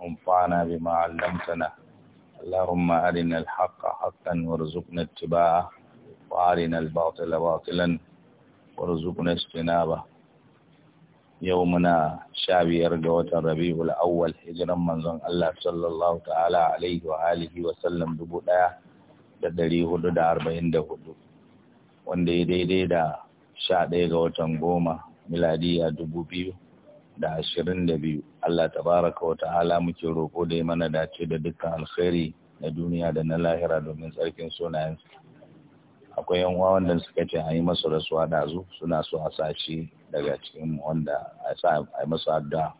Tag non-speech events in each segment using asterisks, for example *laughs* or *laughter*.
وانفعنا بما علمتنا اللهم أرنا الحق حقا وارزقنا اتباعه وأرنا الباطل باطلا وارزقنا اجتنابه يومنا شابير جوات ربيع الأول هجرا من زن الله صلى الله تعالى عليه وآله وسلم دبولا da ɗari hudu da arba'in da hudu wanda ya daidai da sha ɗaya ga watan goma miladiya dubu biyu da ashirin da biyu Allah ta baraka wa ta'ala muke roƙo da ya mana dace da dukkan alkhairi na duniya da na lahira domin tsarkin sunayensa akwai yan uwa wanda suka ce an yi masu rasuwa da zu suna so a sashi daga cikin wanda a sa a yi masu addu'a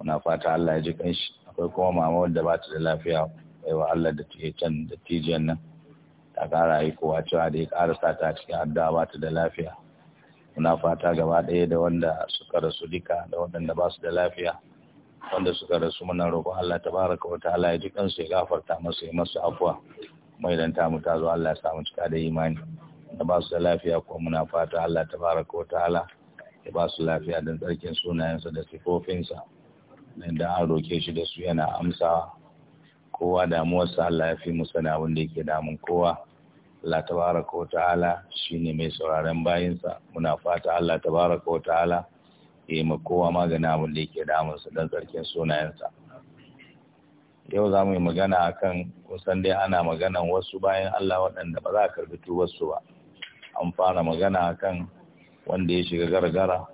muna fata Allah ya ji kanshi akwai kuma mama wanda ba ta da lafiya baiwa Allah da ta can da tijiyan nan ta kara yi kowa cewa da ya kara sa ta cikin addu'a ba ta da lafiya muna fata gaba ɗaya da wanda suka rasu duka da waɗanda ba su da lafiya wanda suka rasu muna roƙon Allah tabaraka wa ta'ala ya ji kansu ya gafarta masa ya masu afuwa kuma idan ta mu Allah ya samu cika da imani da ba su da lafiya ko muna fata Allah tabaraka wa ta'ala ya ba su lafiya don tsarkin sunayensa da sifofinsa da an roke shi da su yana amsawa kowa damuwarsa Allah ya fi mu sani abin da yake damun kowa Allah tabaraka wa ta'ala shine mai sauraren bayinsa muna fata Allah tabaraka wa ta'ala ya eh, yi kowa maganin abin da yake su don tsarkin sunayensa yau za mu yi magana a kan kusan dai ana maganan wasu bayan Allah waɗanda ba za a karbi tubarsu ba an fara magana a kan wanda ya shiga gargara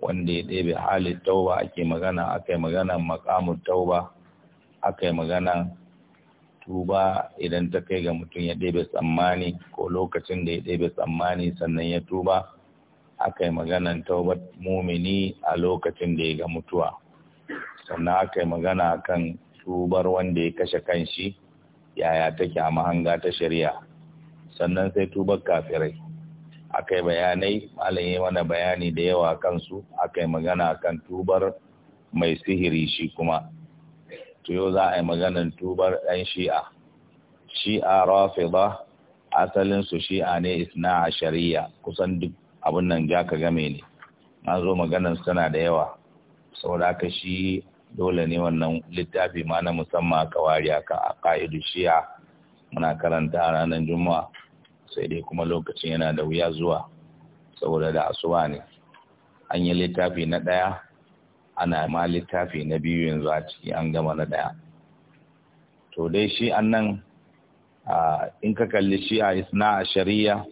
wanda ya ɗebe hali tauba ake magana aka yi maganan makamun tauba aka yi maganan tuba idan ta kai ga mutum ya ɗebe tsammani ko lokacin da ya ɗebe tsammani sannan ya tuba aka yi maganan taubat mumini a lokacin da ya ga mutuwa sannan aka magana kan tubar wanda ya kashe kanshi yaya take a mahanga ta shari'a sannan sai tubar kafirai aka yi bayanai malam mana bayani da yawa kansu aka yi magana kan tubar mai sihiri shi kuma to yau za a yi maganan tubar ɗan shi'a shi'a rafida asalinsu shi'a ne isna a shari'a kusan duk abun nan ja ka game ne na zo maganan tana da yawa saboda haka shi dole ne wannan littafi ma na musamman ka wari a a ka'idu shi'a muna karanta a ranar juma'a sai dai kuma lokacin yana da wuya zuwa saboda da asuba ne an yi littafi na ɗaya ana ma littafi na biyu yanzu a ciki an gama na ɗaya to dai shi annan in ka kalli shi a isna a shari'a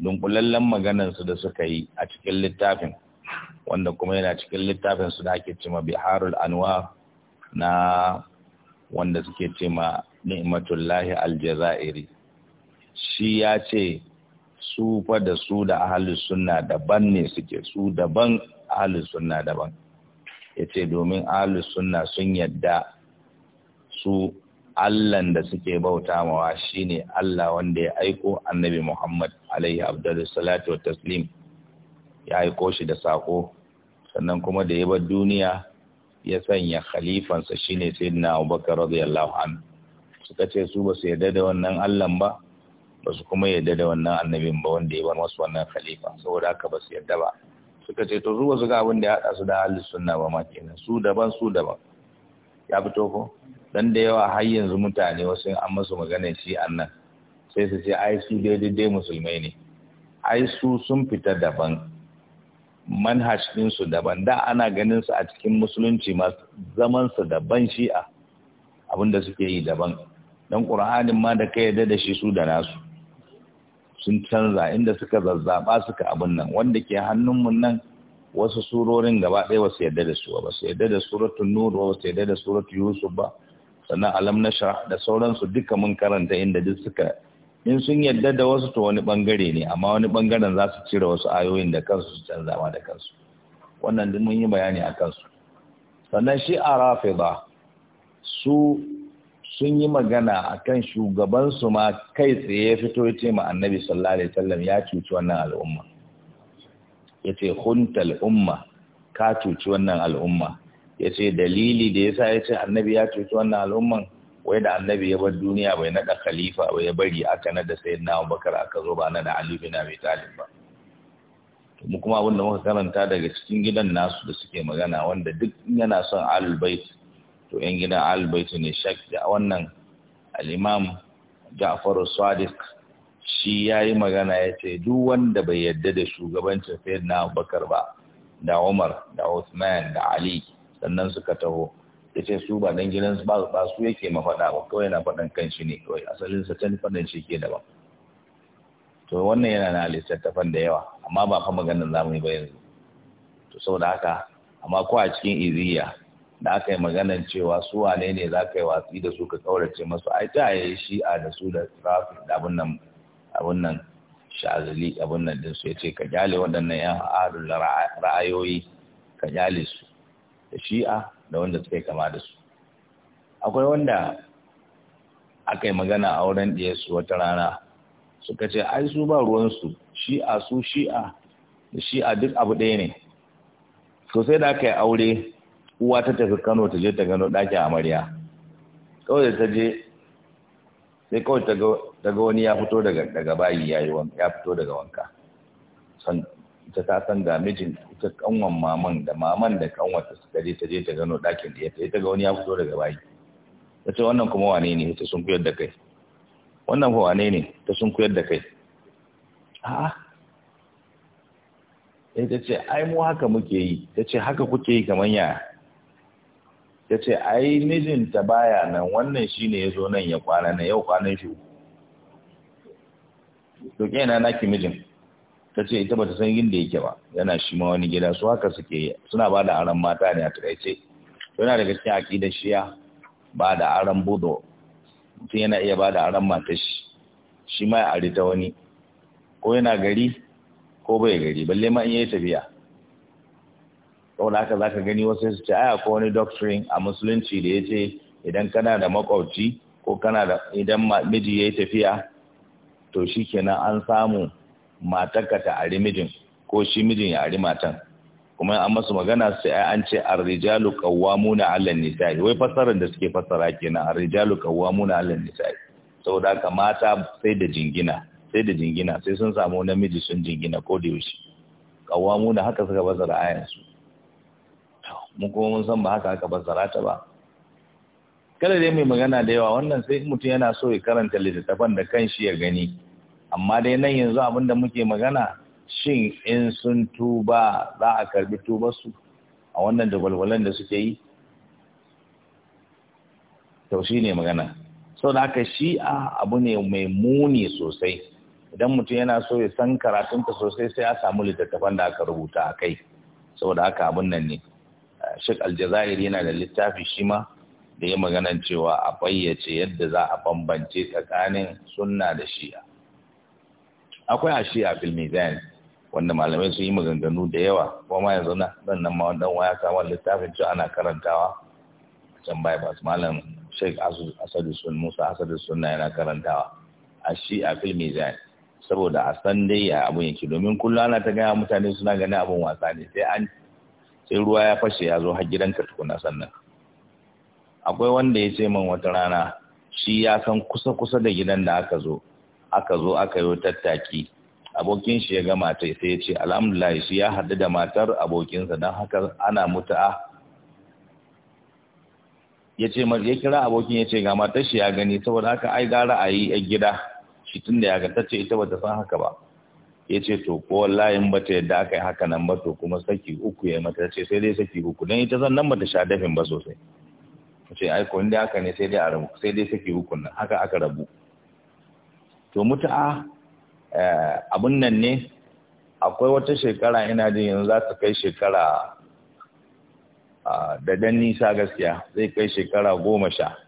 dunkulallen maganansu da suka yi a cikin littafin wanda kuma yana cikin littafin su da ake cima biharul anwa na wanda suke cima ni'matullahi aljazairi shi ya ce su fa da su da ahalus sunna daban ne suke su daban ahalus sunna daban ya ce domin ahalus sunna sun yadda su Allahn da suke bauta mawa shine Allah wanda ya aiko annabi Muhammad alaihi abdullu salatu wa taslim ya aiko shi da saƙo. sannan kuma da ya bar duniya ya sanya khalifansa shine sayyidina Abubakar radiyallahu anhu suka ce su ba su yarda da wannan Allahn ba ba su kuma yarda da wannan annabin ba wanda ya bar masu wannan khalifa saboda haka ba su yarda ba suka ce to su ba su ga abin da ya haɗa su da ahlus sunna ba ma kenan su daban su daban ya fito ko dan da yawa har yanzu mutane wasu an masu magana shi annan sai su ce ai su daidai musulmai ne ai su sun fita daban manhaj daban da ana ganin su a cikin musulunci ma zaman su daban shi'a abinda suke yi daban dan qur'anin ma da kai da shi su da nasu sun canza inda suka zazzaba suka abin nan wanda ke hannun mun nan wasu surorin gaba ɗaya wasu su da su ba su yadda da suratul nur ba su yadda da suratul yusuf ba sannan alam sha da sauransu duka mun karanta inda duk suka in sun yadda da wasu to wani bangare ne amma wani bangaren za su cire wasu ayoyin da kansu su canza ma da kansu wannan duk mun yi bayani a kansu sannan shi a ba su sun yi magana a akan shugabansu ma kai tsaye ya fito ya ce ma annabi sallallahu alaihi wasallam ya cuci wannan al'umma ya ce huntal umma ka cuci wannan al'umma ya ce dalili da ya sa ya ce annabi ya ce cuci wannan al'umman wai da annabi ya bar duniya bai naɗa khalifa bai ya bari aka naɗa sayyidina bakar aka zo ba na da ali bin abi talib ba mu kuma abin muka karanta daga cikin gidan nasu da suke magana wanda duk yana son ahlul to yan gidan ahlul ne shak da wannan al-imam Ja'far sadiq shi yayi magana ya ce duk wanda bai yadda da shugabancin sayyidina bakar ba da Umar da Uthman da Ali sannan suka taho ya ce su ba dan gidan ba su yake mafaɗa ba kawai na faɗan kan shi ne kawai sa can faɗan shi ke daban to wannan yana na littattafan da yawa amma ba fa maganar zamani yi ba yanzu to saboda haka amma ko a cikin iziya da aka yi maganar cewa su wane ne za ka yi watsi da su ka kaurace masu ai ta yi shi'a da su da trafik da abun nan abun nan shazali abun nan din su yace ka gyale waɗannan yan ra'ayoyi ka gyale su da shi'a da wanda suka yi kama da su akwai wanda aka yi magana a wurin ɗiyarsu wata rana suka ce ai su ba ruwansu shi'a su shi'a da shi'a duk abu ɗaya ne sosai da aka yi aure uwa ta tafi kano ta je ta gano ɗakin amarya kawai da ta je sai kawai ta ga wani ya fito daga bayi ya fito daga wanka ita ta san ga mijin ita kanwan maman da maman da kanwar ta suka je ta je ta gano ɗakin da ya ta ga wani ya fito daga bayi ta ce wannan kuma wane ne ta sun kuyar da kai wannan kuma wane ne ta sun kuyar da kai a'a sai ta ce ai mu haka muke yi ta ce haka kuke yi kamar ya ta ce ai mijinta baya nan wannan shine ya zo nan ya kwana na yau kwanan shi to kenan naki mijin ta ce ita bata san da yake ba yana shi ma wani gida su haka suke suna ba da aran mata ne a takaice yana daga cikin aƙidar shiya ba da aran budo mutum yana iya ba da aran mata shi shi ma ya ari ta wani ko yana gari ko bai gari balle ma in yi tafiya saboda haka zaka gani wasu su ce aya ko wani doctrine a musulunci da ya ce idan kana da makwabci ko kana da idan miji ya yi tafiya to shikenan an samu matarka ta ari mijin ko shi mijin ya ari matan kuma an masu magana sai ai an ce ar-rijalu qawwamuna 'ala an-nisa'i wai fassarar da suke fasara kenan ar-rijalu qawwamuna 'ala an-nisa'i saboda haka mata sai da jingina sai da jingina sai sun samu namiji sun jingina ko da yaushe qawwamuna haka suka fassara ayan su mun kuma mun san ba haka aka bazara ta ba kada dai mai magana da yawa wannan sai mutum yana so ya karanta littattafan da kanshi ya gani amma dai nan yanzu abin da muke magana shin in sun tuba za a karbi tubarsu a wannan dagwalgwalan da suke yi to shi ne magana sau da haka shi'a abu ne mai muni sosai idan mutum yana so ya san karatunta sosai sai ya samu littattafan da aka rubuta a kai saboda haka abin nan ne shek aljazairi yana da littafi shi ma da ya maganan cewa a bayyace yadda za a bambance tsakanin sunna da shi'a akwai ashe a mizan wanda malamai sun yi maganganu da yawa kuma ma yanzu na dan nan ma dan waya kama littafin cewa ana karantawa can bai ba malam Sheikh Asadu Sun Musa Asadu Sunna yana karantawa a ashiya a mizan saboda a san dai ya abun yake domin kullum ana ta gaya mutane suna ganin abun wasa ne sai an sai ruwa ya fashe ya zo har gidan gidanka tukuna sannan akwai wanda ya ce min wata rana shi ya san kusa-kusa da gidan da aka zo aka zo aka yi tattaki abokin shi ya ga matar sai ya ce alhamdulillah shi ya haɗu da matar abokinsa don haka ana mutu'a ah. ya ce ya kira abokin ya ce ga matar shi ya gani saboda haka ai gara a yi a gida shi tun da ya ga tace ita bata san haka ba ya ce to ko wallahi in bata yadda aka yi haka nan ba to kuma saki uku ya mata ce sai dai saki uku dan ita zan nan bata sha dafin ba sosai ce ai ko inda haka ne sai dai a rabu sai dai saki uku nan haka aka rabu to mutu'a eh, abun nan ne akwai wata shekara ina jin yanzu za ta kai shekara da dan nisa gaskiya zai kai shekara goma sha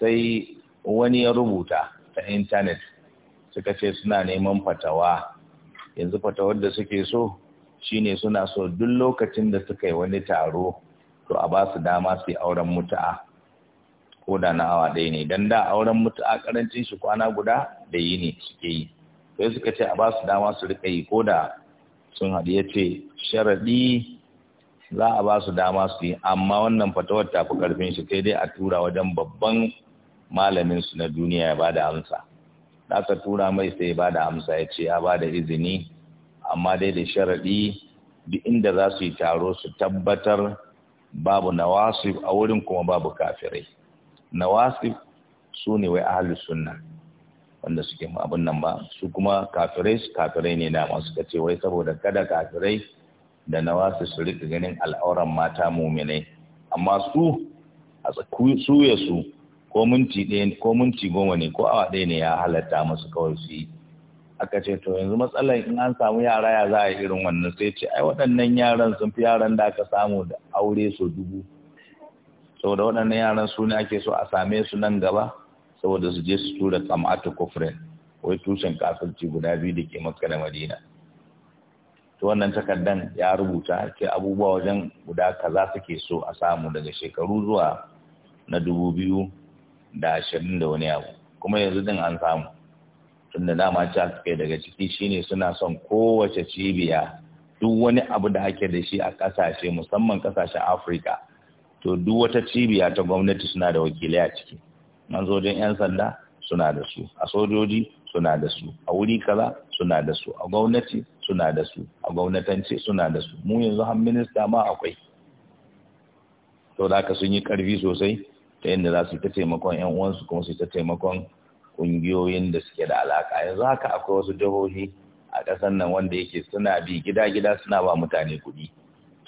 sai wani ya rubuta ta intanet suka ce suna neman fatawa yanzu fatawar da suke so shine suna so duk lokacin da suka yi wani taro to a ba su dama su yi auren mutu'a ko da na awa ɗaya ne don da auren mutu a karancin shi kwana guda da yi ne suke yi sai suka ce a ba su dama su riƙa yi ko da sun haɗu ya ce sharaɗi za a ba su dama su yi amma wannan fatawar ta fi ƙarfin shi sai dai a tura wajen babban malamin su na duniya ya ba da amsa da aka tura mai sai ya ba da amsa ya ce ya ba da izini amma dai da sharaɗi duk inda za su yi taro su tabbatar babu nawasu a wurin kuma babu kafirai nawasif su ne wai ahalus sunna wanda suke abin nan ba su kuma kafirai kafirai ne dama suka ce wai saboda kada kafirai da nawasif su rika ganin al'auran mata muminai amma su a su su ko minti ɗaya ko goma ne ko awa ɗaya ne ya halatta musu kawai su yi aka ce to yanzu matsalar in an samu yara ya za a irin wannan sai ce ai waɗannan yaran sun fi yaran da aka samu da aure su dubu saboda waɗannan yaran su ne ake so a same su nan gaba saboda su je su tura kamatu kufrin wai tushen kasance guda biyu da ke maka da madina to wannan takardan ya rubuta ke abubuwa wajen guda kaza suke so a samu daga shekaru zuwa na dubu biyu da ashirin da wani abu kuma yanzu din an samu tun da dama ci suke daga ciki shine suna son kowace cibiya duk wani abu da ake da shi a ƙasashe musamman ƙasashen afirka to duk wata cibiya ta gwamnati suna da wakilai a ciki an 'yan sanda suna da su a sojoji suna da su a wuri kaza suna da su a gwamnati suna da su a gwamnatance suna da su mu yanzu har minista ma akwai to da ka sun yi karfi sosai ta yadda za su ta taimakon 'yan uwansu kuma su ta taimakon kungiyoyin da suke da alaka yanzu haka akwai wasu jihohi a ƙasar nan wanda yake suna bi gida-gida suna ba mutane kuɗi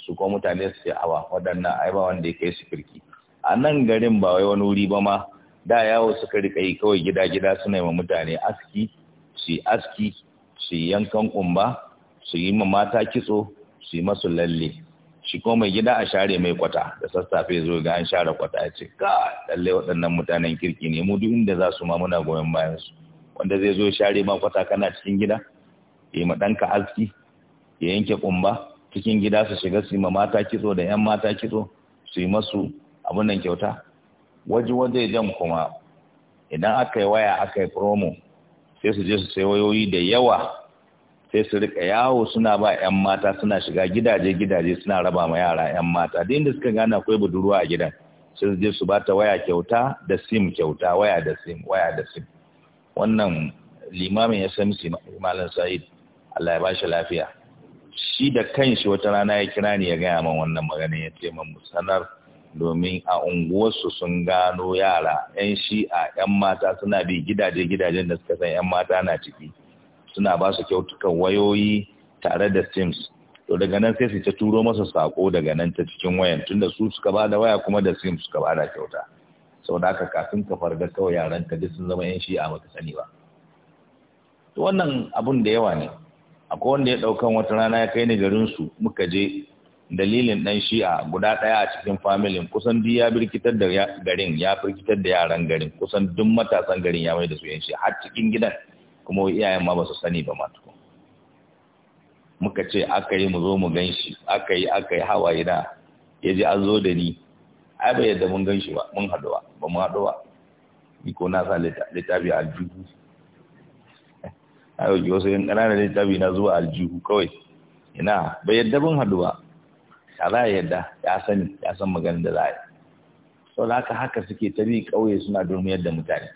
su ko mutane su awa waɗannan ai ba wanda ya kai su kirki a nan garin ba wai wani wuri ba ma da yawo suka rika yi kawai gida-gida suna ma mutane aski su yi aski su yi yankan kumba su yi ma mata kitso su yi masu lalle shi ko mai gida a share mai kwata da sassafe zo ga an share kwata ya ce ka lalle waɗannan mutanen kirki ne mu duk inda za su ma muna goyon bayan su wanda zai zo share ma kwata kana cikin gida ya yi ma ɗanka aski ya yanke kumba cikin gida su shiga su yi ma mata kitso da 'yan mata kitso su yi masu abin nan kyauta waje waje jan kuma idan aka yi waya aka yi promo sai su je su sai wayoyi da yawa sai su rika yawo suna ba 'yan mata suna shiga gidaje gidaje suna raba ma yara 'yan mata da inda suka gane akwai budurwa a gidan sai su je su bata waya kyauta da sim kyauta waya da sim waya da sim wannan limamin ya san malam sa'id Allah ya ba shi lafiya shi da kanshi wata rana ya kira ni ya gaya min wannan magana ya ce min sanar domin a unguwarsu sun gano yara 'yan shi'a 'yan mata suna bi gidaje-gidajen da suka san 'yan mata na ciki suna ba su kyautukan wayoyi tare da sims to daga nan sai su ta turo masa sako daga nan ta cikin wayan tunda su suka ba da waya kuma da sims suka ba da kyauta sau da aka kafin ka farga kawai yaran ka duk sun zama 'yan shi'a baka sani ba to wannan abun da yawa ne akwai wanda ya ɗaukan wata rana ya kai ni garin su muka je dalilin dan shi'a guda ɗaya a cikin familin kusan duk ya birkitar da garin ya birkitar da yaran garin kusan duk matasan garin ya mai da su yanci har cikin gidan kuma iyayen ma ba su sani ba ma muka ce aka yi mu zo mu gan shi aka yi aka yi hawa da ya ji an zo da ni ai bai yadda mun gan shi ba mun haɗuwa ba mu ni ko na sa littafi a aljihu na yau wasu yan ƙananan littafi na zuwa aljihu kawai ina bai yadda bin haɗu ba A za a yadda ya sani ya san maganin da za a yi sau da haka haka suke ta bi ƙauye suna durmiyar da mutane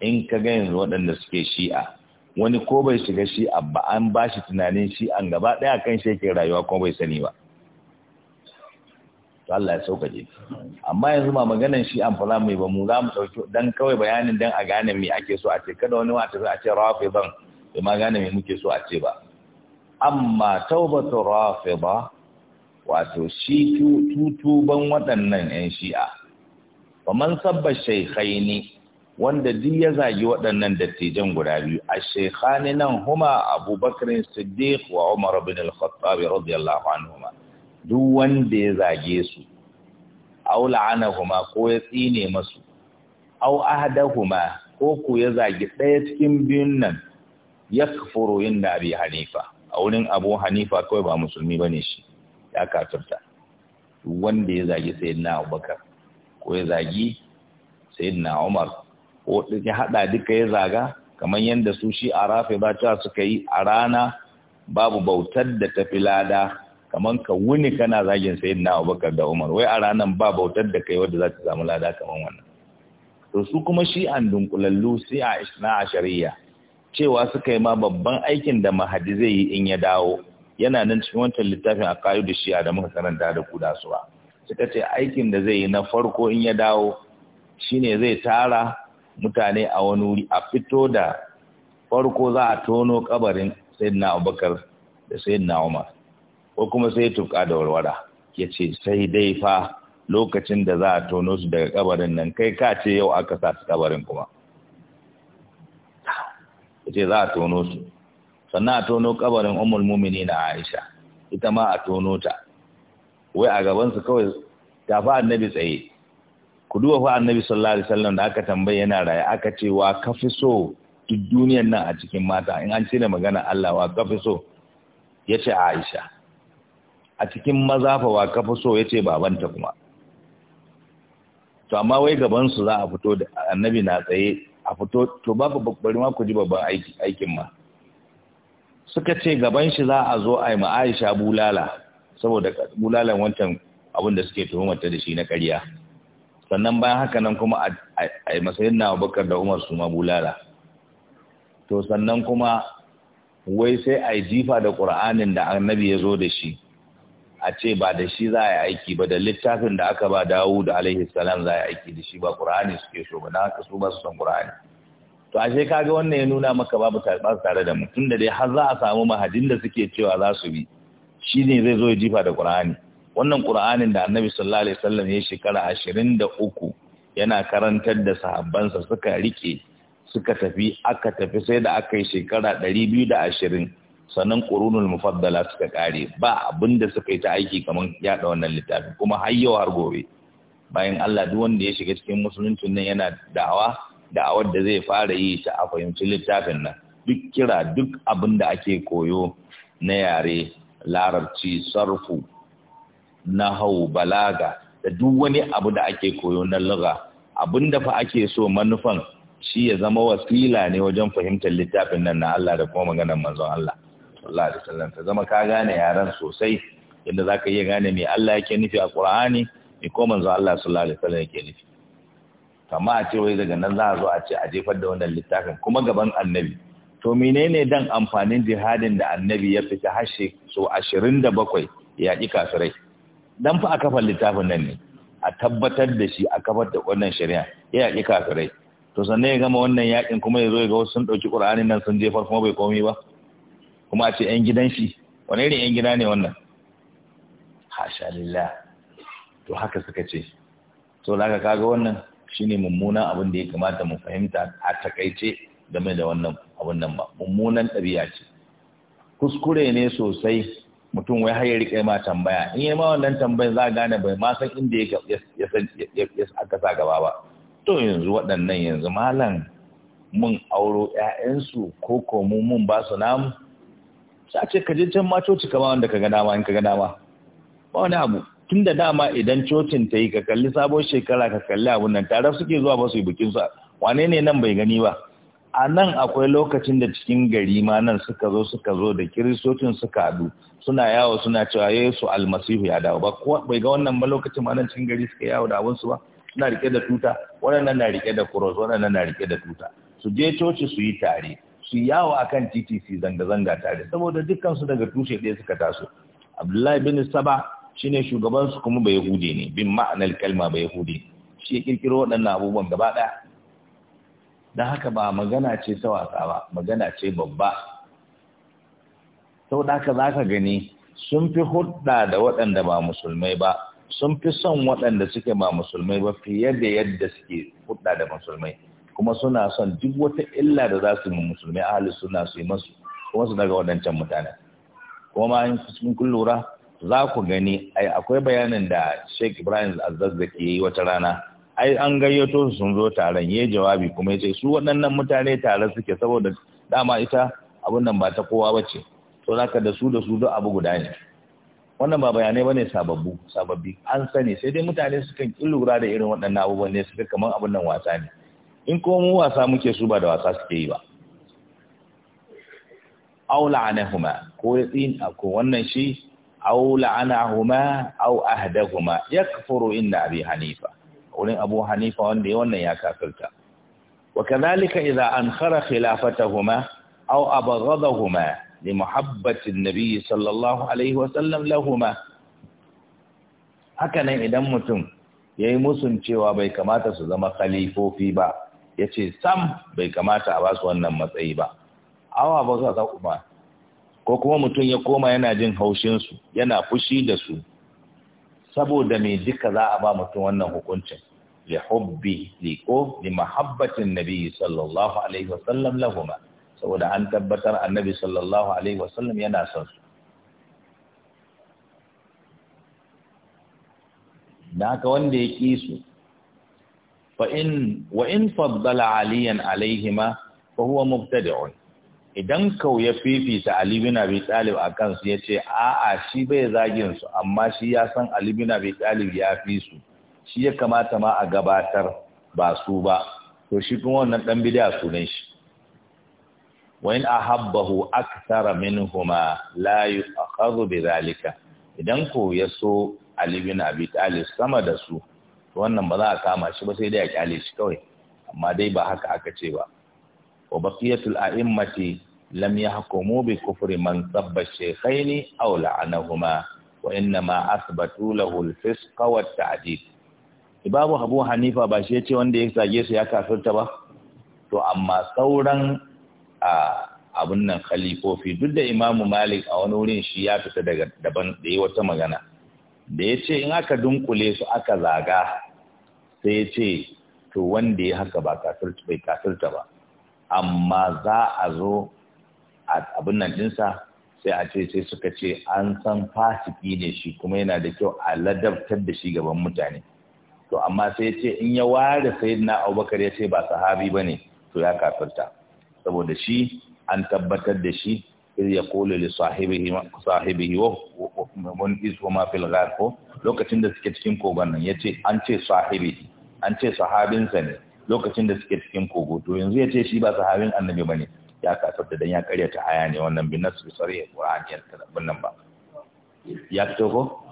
in ka ga yanzu waɗanda suke shi'a wani ko bai shiga shi'a ba an ba shi tunanin shi'an gaba ɗaya kan shi yake rayuwa ko bai sani ba to Allah ya sauƙaƙe amma yanzu ba maganan shi'an fa za mu ba mu za mu ɗauki dan kawai bayanin dan a gane me ake so a ce kada wani wata a ce rawa rafidan bai ma gane me muke so a ce ba amma taubatu ba, wato shi tutuban waɗannan 'yan shi'a man sabba shaikhai ne wanda duk ya zagi waɗannan dattijan guda biyu a shaikhani nan huma abubakar siddiq wa umar bin al-khattab radiyallahu anhuma duk wanda ya zage su aw la'anahuma ko ya tsine masu aw ahadahuma ko ku ya zagi ɗaya cikin biyun nan yakfuru inda abi hanifa a wurin abu hanifa kawai ba musulmi bane shi ya kafirta wanda ya zagi na abubakar ko ya zagi na umar ko ya hada duka ya zaga kamar yadda su shi a rafe ba ta suka yi a rana babu bautar da tafi lada kamar ka wuni kana zagin na abubakar da umar wai a ranar ba bautar da kai wadda za ta samu lada kamar wannan to su kuma shi an dunkulallu sai a ishna a shari'a cewa suka yi ma babban aikin da mahadi zai yi in ya dawo yana nan cikin wancan littafin a kayu da shiya da muka karanta da ku da suwa suka ce aikin da zai yi na farko in ya dawo shine zai tara mutane a wani wuri a fito da farko za a tono kabarin na abubakar da na umar ko kuma sai tuka da warwara ya ce sai dai fa lokacin da za a tono su daga kabarin nan kai ka ce yau aka sa su kabarin kuma ce za a tono su sannan a tono kabarin umul mumini na aisha ita ma a tono ta wai a gabansu kawai ta fa annabi tsaye ku duba fa annabi sallallahu alaihi wasallam da aka tambaye yana raye aka ce wa kafi so duk duniyar nan a cikin mata in an cire magana Allah wa kafi so ya ce Aisha a cikin maza fa wa kafi so ya ce babanta kuma to amma wai gaban su za a fito da annabi na tsaye a fito to babu bari ma ku ji babban aikin ma suka ce gaban shi za a zo a yi ma Aisha bulala saboda bulalan wancan abin da suke tuhumarta da shi na ƙarya sannan bayan haka nan kuma a yi masayin na bakar da umar su ma bulala to sannan kuma wai sai a yi jifa da ƙura'anin da annabi ya zo da shi a ce ba da shi za a yi aiki ba da littafin da aka ba dawo da alaihi salam za a yi aiki da shi ba ƙura'ani suke so ba na haka su ba su san ƙura'ani to ashe kaga wannan ya nuna maka babu ba tare da mutum da dai har za a samu mahadin da suke cewa za su bi shi ne zai zo ya jifa da ƙura'ani wannan ƙur'anin da annabi sallallahu alaihi wasallam ya shekara ashirin da uku yana karantar da sahabbansa suka rike suka tafi aka tafi sai da aka yi shekara ɗari biyu da ashirin sannan ƙurunul mufaddala suka ƙare ba abin da suka yi ta aiki kamar yaɗa wannan littafi kuma har yau har gobe bayan Allah duk wanda ya shiga cikin musuluncin nan yana da'awa da'awar da zai fara yi ta a fahimci littafin nan duk kira duk abin da ake koyo na yare larabci sarfu na hau balaga da duk wani abu da ake koyo na lugha abin da fa ake so manufan shi ya zama wasila ne wajen fahimtar littafin nan na Allah da kuma maganar manzon Allah sallallahu alaihi wasallam ta zama ka gane yaran sosai yadda zaka iya gane me Allah yake nufi a Qur'ani me ko manzo Allah sallallahu alaihi wasallam yake nufi Kamar a ce wai daga nan za a zo a ce a jefar da wannan littafin kuma gaban annabi to menene dan amfanin jihadin da annabi ya fita hashe so 27 ya ki kafirai dan fa a kafar littafin nan ne a tabbatar da shi a kafar da wannan shari'a ya ki kafirai to sannan ya gama wannan yakin kuma ya zo ya ga wasu sun ɗauki ƙur'anin nan sun jefar kuma bai komi ba kuma a ce ‘yan gidan shi wani irin ‘yan gida ne wannan hasha lilla, to haka suka ce to laka kaga wannan Shi ne mummunan abin da ya kamata mu fahimta a takaice game da wannan abin nan ba mummunan ɗabi'a ce kuskure ne sosai mutum wai har ya rike ma tambaya in yi ma wannan tambayin za a gane bai ma san inda ya san aka sa gaba ba to yanzu waɗannan yanzu malam mun auro 'ya'yansu ko ko mun ba su namu sai ce ka je can ma coci kama wanda ka ga dama in ka ga dama ba wani abu tun da dama idan cocin ta yi ka kalli sabon shekara ka kalli abun nan tare suke zuwa ba su yi bikin sa wane ne nan bai gani ba a nan akwai lokacin da cikin gari ma nan suka zo suka zo da kiristocin suka haɗu suna yawo suna cewa yesu almasihu ya dawo ba bai ga wannan ba lokacin ma nan cikin gari suka yawo da abun su ba suna rike da tuta waɗannan na rike da kuros waɗannan na rike da tuta su je coci su yi tare su yawo akan titi TTC zanga-zanga tare saboda dukansu daga tushe ɗaya suka taso abdullahi bin saba shi ne shugabansu kuma bai yahudi ne bin ma'anar kalma bai yahudi shi ya ƙirƙiro waɗannan abubuwan gaba ɗaya don haka ba magana ce ta wasa ba magana ce babba sau da haka za ka gani sun fi hudda da waɗanda ba musulmai ba sun fi son waɗanda suke ba musulmai ba fiye da yadda suke hulɗa da musulmai kuma suna son duk wata illa da za su yi musulmi ahalus suna su yi masu kuma su daga waɗancan mutane. kuma ma in cikin kun za ku gani ai akwai bayanin da Sheikh Ibrahim ya yi wata rana ai an gayyato su sun zo taron Ya jawabi kuma ya ce su waɗannan mutane tare suke saboda dama ita abun nan ba ta kowa bace to za da su da su duk abu guda ne wannan ba bayanai ba ne sababbi an sani sai dai mutane sukan kin lura da irin waɗannan abubuwan ne suke, kamar abun nan wasa ne in ko mu wasa muke su ba da wasa suke yi ba aw la'anahuma ko yin tsin ko wannan shi aw la'anahuma aw ahdahuma yakfuru inda abi hanifa wurin abu hanifa wanda ya wannan ya kafirta wa kadhalika idza ankhara khilafatahuma aw abghadahuma li muhabbati an-nabi sallallahu alaihi wa sallam lahuma haka nan idan mutum yayi musun cewa bai kamata su zama khalifofi ba ya ce sam bai kamata a ba su wannan matsayi ba awa ba su za kuma ko kuma mutum ya koma yana jin haushinsu yana fushi da su saboda mai duka za a ba mutum wannan hukuncin li hubbi li ko li mahabbatin nabi sallallahu alaihi wasallam lahuma saboda an tabbatar annabi sallallahu alaihi wasallam yana son su da haka wanda ya ki su fa'in wa in faddala aliyan alaihima fa huwa idan kau ya fifita Ali bin Abi Talib a kansu ya ce a'a shi bai zagin su amma shi ya san Ali bin Abi Talib ya fi su shi ya kamata ma a gabatar ba su ba to shi kuma wannan dan bid'a sunan shi wa in ahabbahu akthara minhuma la yu'khadhu bidhalika idan ko ya so Ali bin Abi Talib sama da su wannan ba za a kama shi ba sai dai a kyale shi kawai amma dai ba haka aka ce ba wa baqiyatul a'immati lam yahkumu bi kufri man sabba shaykhaini aw la'anahuma wa innama athbatu lahu al fisq wa at-ta'dib ibabu abu hanifa ba shi yace wanda ya sage su ya kafirta ba to amma sauran a abun nan khalifofi duk da imamu malik a wani wurin shi ya fita daga daban da yi wata magana da ya ce in aka dunkule su aka zaga sai ya ce to wanda ya haka ba kafirta bai kafirta ba amma za a zo abin nan dinsa sai a ce sai suka ce an san fasiki ne shi kuma yana da kyau a ladabtar da shi gaban mutane to amma sai ya ce in ya ware na Abubakar ya ce ba sahabi ba ne to ya kafirta saboda shi an tabbatar da shi ya yaqulu li sahibihi wa. mun iso ma fil ghar ko lokacin da suke cikin kogon nan yace an ce sahibi an ce sahabinsa ne lokacin da suke cikin kogo to yanzu yace shi ba sahabin annabi bane ya ka da dan ya ta aya ne wannan bin nasu sariya qur'ani ya tabban nan ba ya to ko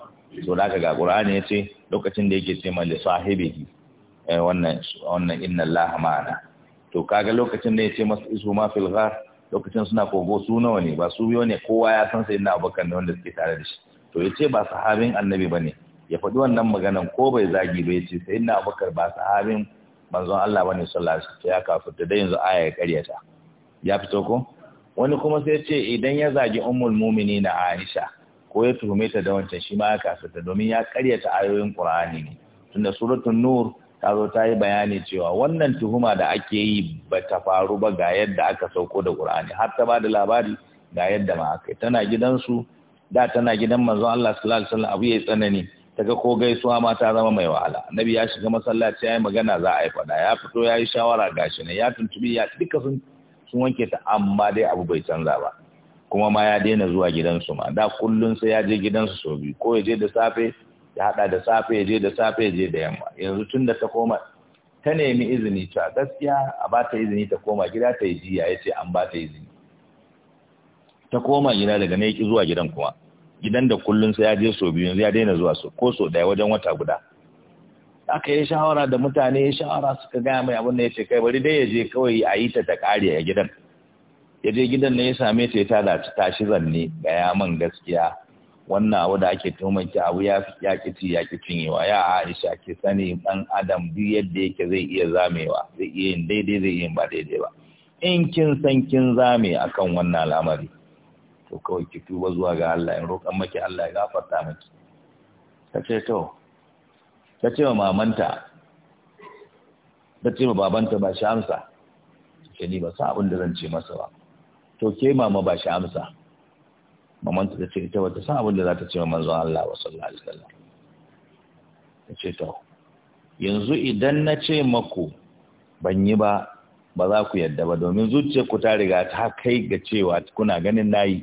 so da ga qur'ani yace lokacin da yake ce mal sahibi eh wannan wannan inna allaha ma'ana to kaga lokacin da yace masu isu ma fil ghar lokacin suna kogo su nawa ne ba su biyo ne kowa ya san sayyidina abubakar ne wanda suke tare da shi to ya ce ba sahabin annabi ba ne ya faɗi wannan maganan ko bai zagi ya ce sai ina abubakar ba sahabin manzon Allah ba ne sallallahu alaihi ya kafirta da yanzu aya ya karyata ya fito ko wani kuma sai ce idan ya zagi ummul mu'mini na Aisha ko ya tuhume ta da wancan shi ma ya ta domin ya karyata ayoyin Qur'ani ne tunda suratul nur ta zo ta yi bayani cewa wannan tuhuma da ake yi ba ta faru ba ga yadda aka sauko da ƙur'ani har ta ba da labari ga yadda ma aka tana gidansu da tana gidan manzon Allah sallallahu alaihi wasallam abu yayi tsanani taga ko gaisuwa ma ta zama mai wahala Nabi ya shiga masallaci yayi magana za a yi fada ya fito yayi shawara gashi ne ya tuntubi ya duka sun sun wanke ta amma dai abu bai canza ba kuma ma ya daina zuwa gidansu ma da kullun sai ya je gidansu sau biyu ko ya je da safe ya hada da safe ya je da safe ya je da yamma yanzu tun da ta koma ta nemi izini cewa gaskiya a ba ta izini ta koma gida ta yi jiya ya ce an ba ta izini ta koma gida daga na yaki zuwa gidan kuma gidan da kullun sai ya je so biyu ya daina zuwa so ko so daya wajen wata guda aka yi shawara da mutane ya shawara suka gaya mai abin da ya ce kai bari dai ya je kawai a yi ta ta kare a gidan ya je gidan ne ya same ta ya da ta shi zanne gaya man gaskiya wannan abu da ake ki abu ya ya kici ya cinyewa ya Aisha ki sani dan adam duk yadda yake zai iya zamewa zai iya yin daidai zai iya yin ba daidai ba in kin san kin zame akan wannan lamari. to kawai ki tuba zuwa ga Allah in roƙan maki Allah ya gafarta maki ta ce to ta ce wa mamanta ta ce wa babanta ba shi amsa ke ni ba sa abin da zan ce masa ba to ke mama ba shi amsa mamanta ta ce ita wata sa abin da za ta ce wa manzon Allah wa sallallahu alaihi wasallam ta ce to yanzu idan na ce maku ban yi ba ba za ku yadda ba domin zuciyarku ta riga ta kai ga cewa kuna ganin nayi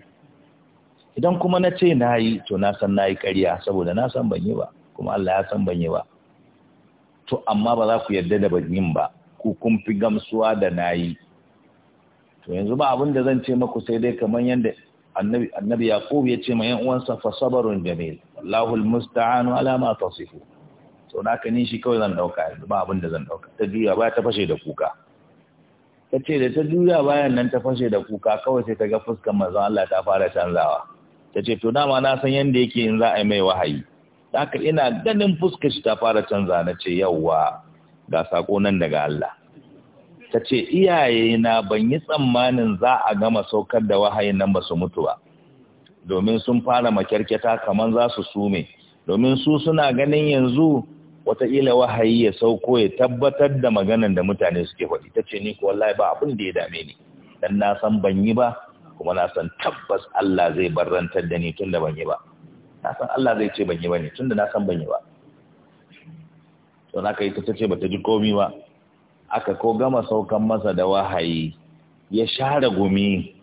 idan kuma na ce na yi to na san na yi ƙarya saboda na san ban yi ba kuma Allah ya san ban yi ba to amma ba za ku yarda da ban yin ba ku kun fi gamsuwa da na yi to yanzu ba abin da zan ce maku sai dai kamar yadda annabi annabi yaqub ya ce ma yan uwansa fa sabrun jamil wallahu almusta'anu ala ma tasifu to na kani shi kawai zan dauka yanzu ba abin da zan dauka ta juya ba ta fashe da kuka ta ce da ta juya bayan nan ta fashe da kuka kawai sai ta ga fuskar manzon Allah ta fara canzawa ta ce to dama na san yadda yake yin za a yi mai wahayi haka ina ganin fuskar shi ta fara canza na ce yawwa ga sako nan daga Allah ta ce iyaye na ban yi tsammanin za a gama saukar da wahayi nan ba su mutu ba domin sun fara makyarketa kamar za su sume domin su suna ganin yanzu wataƙila wahayi ya sauko ya tabbatar da maganan da mutane suke faɗi ta ce ni ko wallahi ba abin da ya dame ni dan na san ban yi ba kuma na san tabbas Allah zai barrantar da ni tun da ban yi ba na san Allah zai ce ban yi ba ne tun da na san ban yi ba to na kai ta ce bata ji komi ba aka ko gama saukan masa da wahayi ya share gumi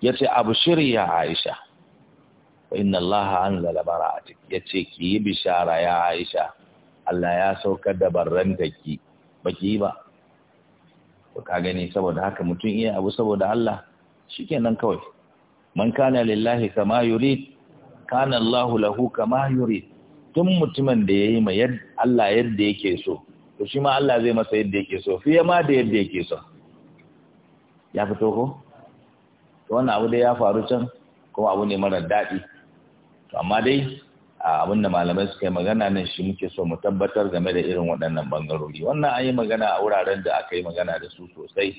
ya ce abu shirya Aisha wa inna Allah anzala bara'atik ya ce ki yi bishara ya Aisha Allah ya saukar da barranta ki baki ba ka gani saboda haka mutum iya abu saboda Allah shi nan kawai man kana lillahi kama yuri kana Allahu lahu kama yuri tun mutumin da ya yi ma Allah yadda yake so to shi ma Allah zai masa yadda yake so fiye ma da yadda yake so ya fito ko to wannan abu dai ya faru can kuma abu ne mara daɗi to amma dai abin da malamai suka yi magana nan shi muke so mu tabbatar game da irin waɗannan bangarori wannan an yi magana a wuraren da aka yi magana da su sosai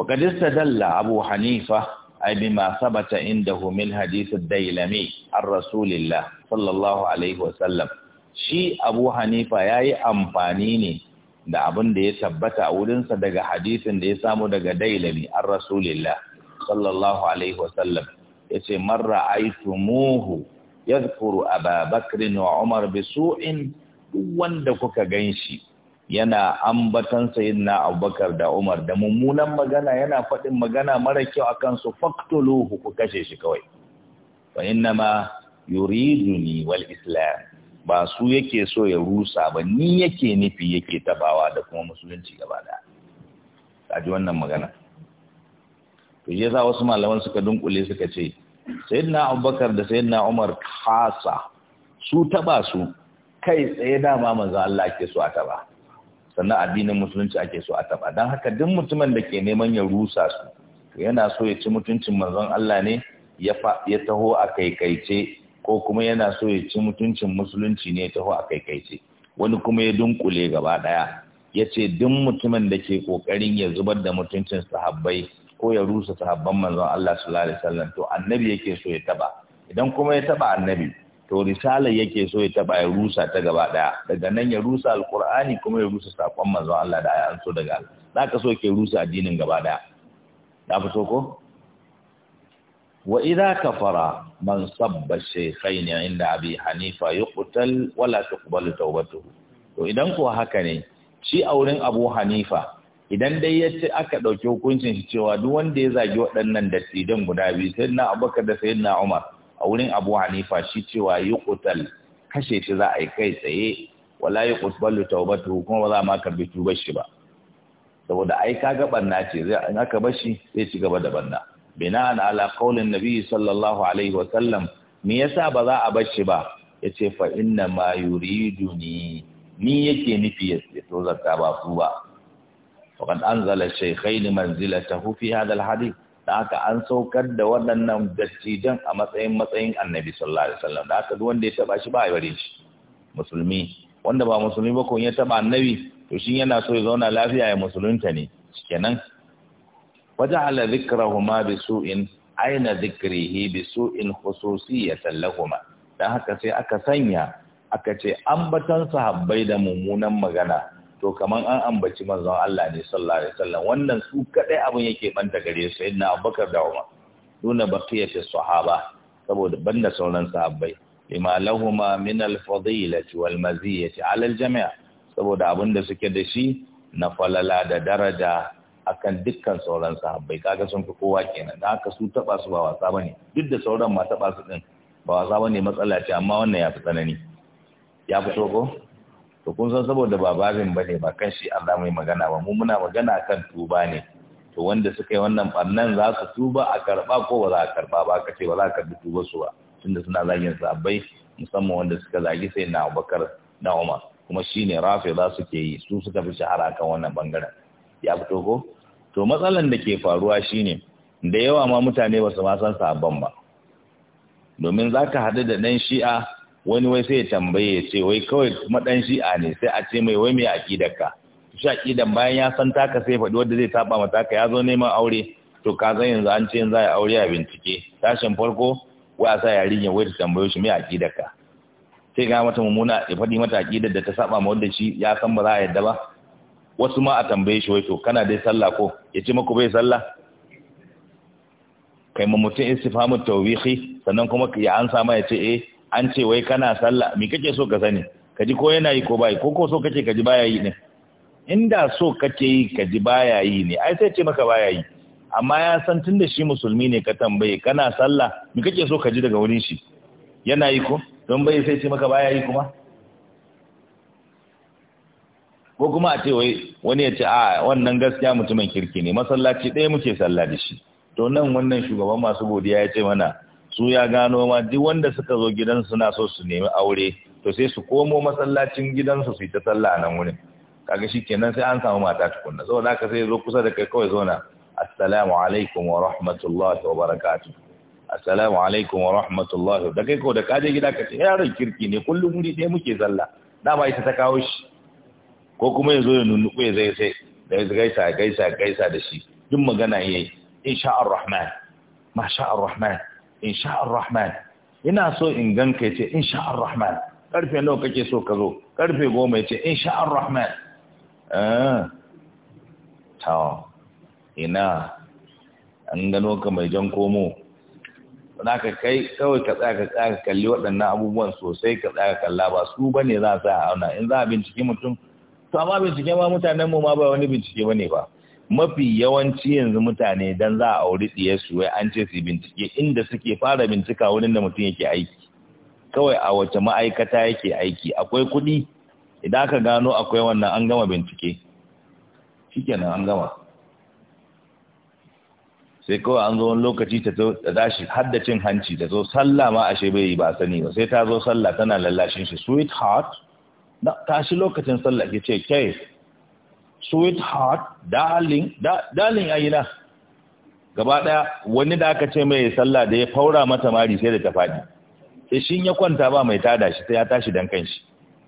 وقد استدل أبو حنيفة أي بما ثبت عنده من حديث الديلمي عن رسول الله صلى الله عليه وسلم shi abu hanifa ya yi amfani ne da abin da ya tabbata a wurinsa daga hadisin da ya samu daga dailami an rasulillah sallallahu alaihi wasallam ya ce marra aitumuhu ya zukuru a babakrin wa umar bisu'in duk wanda kuka gan shi yana ambatan sayyidina abubakar da umar da mummunan magana yana faɗin magana mara kyau a kansu faktuluhu ku kashe shi kawai ba inna ma yuriduni wal islam ba su yake so ya rusa ba ni yake nufi yake tabawa da kuma musulunci gaba da ji wannan magana to je sa wasu malaman suka dunkule suka ce sayyidina abubakar da sayyidina umar kasa su taba su kai tsaye dama manzo Allah ke so a taba sannan addinin musulunci ake so a taba don haka duk mutumin da ke neman ya rusa su yana so ya ci mutuncin manzon Allah ne ya taho a kaikaice ko kuma yana so ya ci mutuncin musulunci ne ya taho a kaikaice wani kuma ya dunkule gaba daya ya ce duk mutumin da ke kokarin ya zubar da mutuncin sahabbai ko ya rusa sahabban manzon Allah sallallahu alaihi wasallam to annabi yake so ya taba idan kuma ya taba annabi to risala yake so ya taba ya rusa ta gaba daya daga nan ya rusa alqur'ani kuma ya rusa sakon manzon Allah da ayan so daga ka so ke rusa addinin gaba daya da fito ko wa idha kafara man sabba shaykhain inda abi hanifa yuqtal wala tuqbal tawbatuhu to idan ko haka ne shi a wurin abu hanifa idan dai ya ce aka ɗauki hukuncin shi cewa duk wanda ya zagi waɗannan dattijan guda biyu sai na abubakar da sai na umar a wurin abu hanifa shi cewa yi kutal kashe shi za a yi kai tsaye wala yi kutbalu taubatu kuma ba za ma karbi tubar shi ba saboda ai ga banna ce zai in aka bashi zai ci gaba da banna bina'an ala qaulin nabi sallallahu alaihi wa sallam me yasa ba za a bashi ba yace fa inna ma yuridu ni ni yake nufi ya to zakka ba su ba faqad anzala shaykhain manzilatahu fi hadha alhadith da haka an saukar da waɗannan dattijan a matsayin matsayin annabi sallallahu alaihi wasallam da haka duk wanda ya taba shi ba a shi musulmi wanda ba musulmi ba kun ya taba annabi to shi yana so ya zauna lafiya ya musulunta ne kenan zikrahuma bi su'in aina bi su'in khususiyatan lahuma dan haka sai aka sanya aka ce ambatan sahabbai da mummunan magana to kaman an ambaci manzon Allah ne sallallahu alaihi wasallam wannan su kadai abun yake banta gare su inna Abubakar da Umar duna baqiyati sahaba saboda banda sauran sahabbai lima lahumu min al-fadilati wal maziyati ala al-jami' saboda abinda suke da shi na falala da daraja akan dukkan sauran sahabbai kaga sun fi kowa kenan da haka su taba su ba wasa bane duk da sauran ma taba su din ba wasa bane matsala ce amma wannan ya fi tsanani ya fito ko to kun san saboda ba ne bane ba kan shi Allah mai magana ba mu muna magana kan tuba ne to wanda suka yi wannan bannan za su tuba a karba ko ba za a karba ba ka ce ba za ka karbi tuba su ba tunda suna zagin sabbai musamman wanda suka zagi sai na Abubakar na Umar kuma shine za su ke yi su suka fi shahara kan wannan bangaren ya fito ko to matsalan da ke faruwa shine da yawa ma mutane ba su ma san sabon ba domin zaka ka haɗu da ɗan shi'a wani wai sai ya tambaye ya ce wai kawai kuma shi'a ne sai a ce mai wai mai aqidarka shi aqidan bayan ya san taka sai faɗi wanda zai saba mata ka ya zo neman aure to ka san yanzu an ce yanzu za a aure a bincike tashin farko wai a sa yarinya wai ta tambayo shi mai aqidarka sai ga mata mummuna ya faɗi mata aqidar da ta saba ma wanda shi ya san ba za a yadda ba wasu ma a tambaye shi wai to kana dai sallah ko ya ce maku bai sallah kai ma mutum istifamu tawbihi sannan kuma ya ansa ma ya ce eh an ce wai kana sallah me kake so ka sani ka ji ko yana yi ko bai ko ko so kace ka ji baya yi ne inda so kake yi kaji baya yi ne ai sai ce maka baya yi amma ya san tunda shi musulmi ne ka tambaye kana sallah me kake so ka ji daga wurin shi yana yi ko don bai sai ce maka baya yi kuma ko kuma a ce wai wani ya ce a wannan gaskiya mutumin kirki ne masallaci ɗaya muke sallah da shi to nan wannan shugaban masu godiya ya ce mana su ya gano ma duk wanda suka zo gidansu suna so su nemi aure to sai su komo masallacin gidansu su yi ta sallah nan wurin kaga shikenan sai an samu mata tukunna saboda haka sai zo kusa da kai kawai zauna assalamu alaikum wa rahmatullahi wa barakatuh assalamu alaikum wa rahmatullahi da kai ko da kaje gida ka ce yaron kirki ne kullum wuri sai muke sallah Da ba ita ta kawo shi ko kuma yazo ya nunnuku ya zai sai da ya gaisa gaisa gaisa da shi duk magana yayi insha Allah rahman masha Allah rahman In Ar-Rahman ina so in ganka yace "In Ar-Rahman karfe nawa kake so ka zo karfe 10 yace "In Ar-Rahman eh ah. ta, ina an gano ka mai jan komo ka kai kawai ka tsaya ka tsaya ka kalli waɗannan abubuwan sosai ka tsaya ka kalla ba su bane za a sa a auna in za a bincike mutum to amma bincike ma mutanenmu ma ba wani bincike ba ne ba mafi yawanci yanzu mutane dan za a auri su wai an ce su bincike inda suke fara bincika wurin da mutum yake aiki kawai a wace ma'aikata yake aiki akwai kuɗi idan aka gano akwai wannan an gama bincike shikenan an gama sai kawai an zo wani lokaci ta zo da tashi haddacin hanci da zo sallah ma ashe bai yi ba sani ba sai ta zo sallah tana lallashin shi sweetheart ta shi lokacin sallah ke ce kai sweetheart darling darling ayina gaba daya wani da aka ce mai sallah da ya faura mata mari sai da ta faɗi sai shin ya kwanta ba mai tada shi sai ya tashi dan kanshi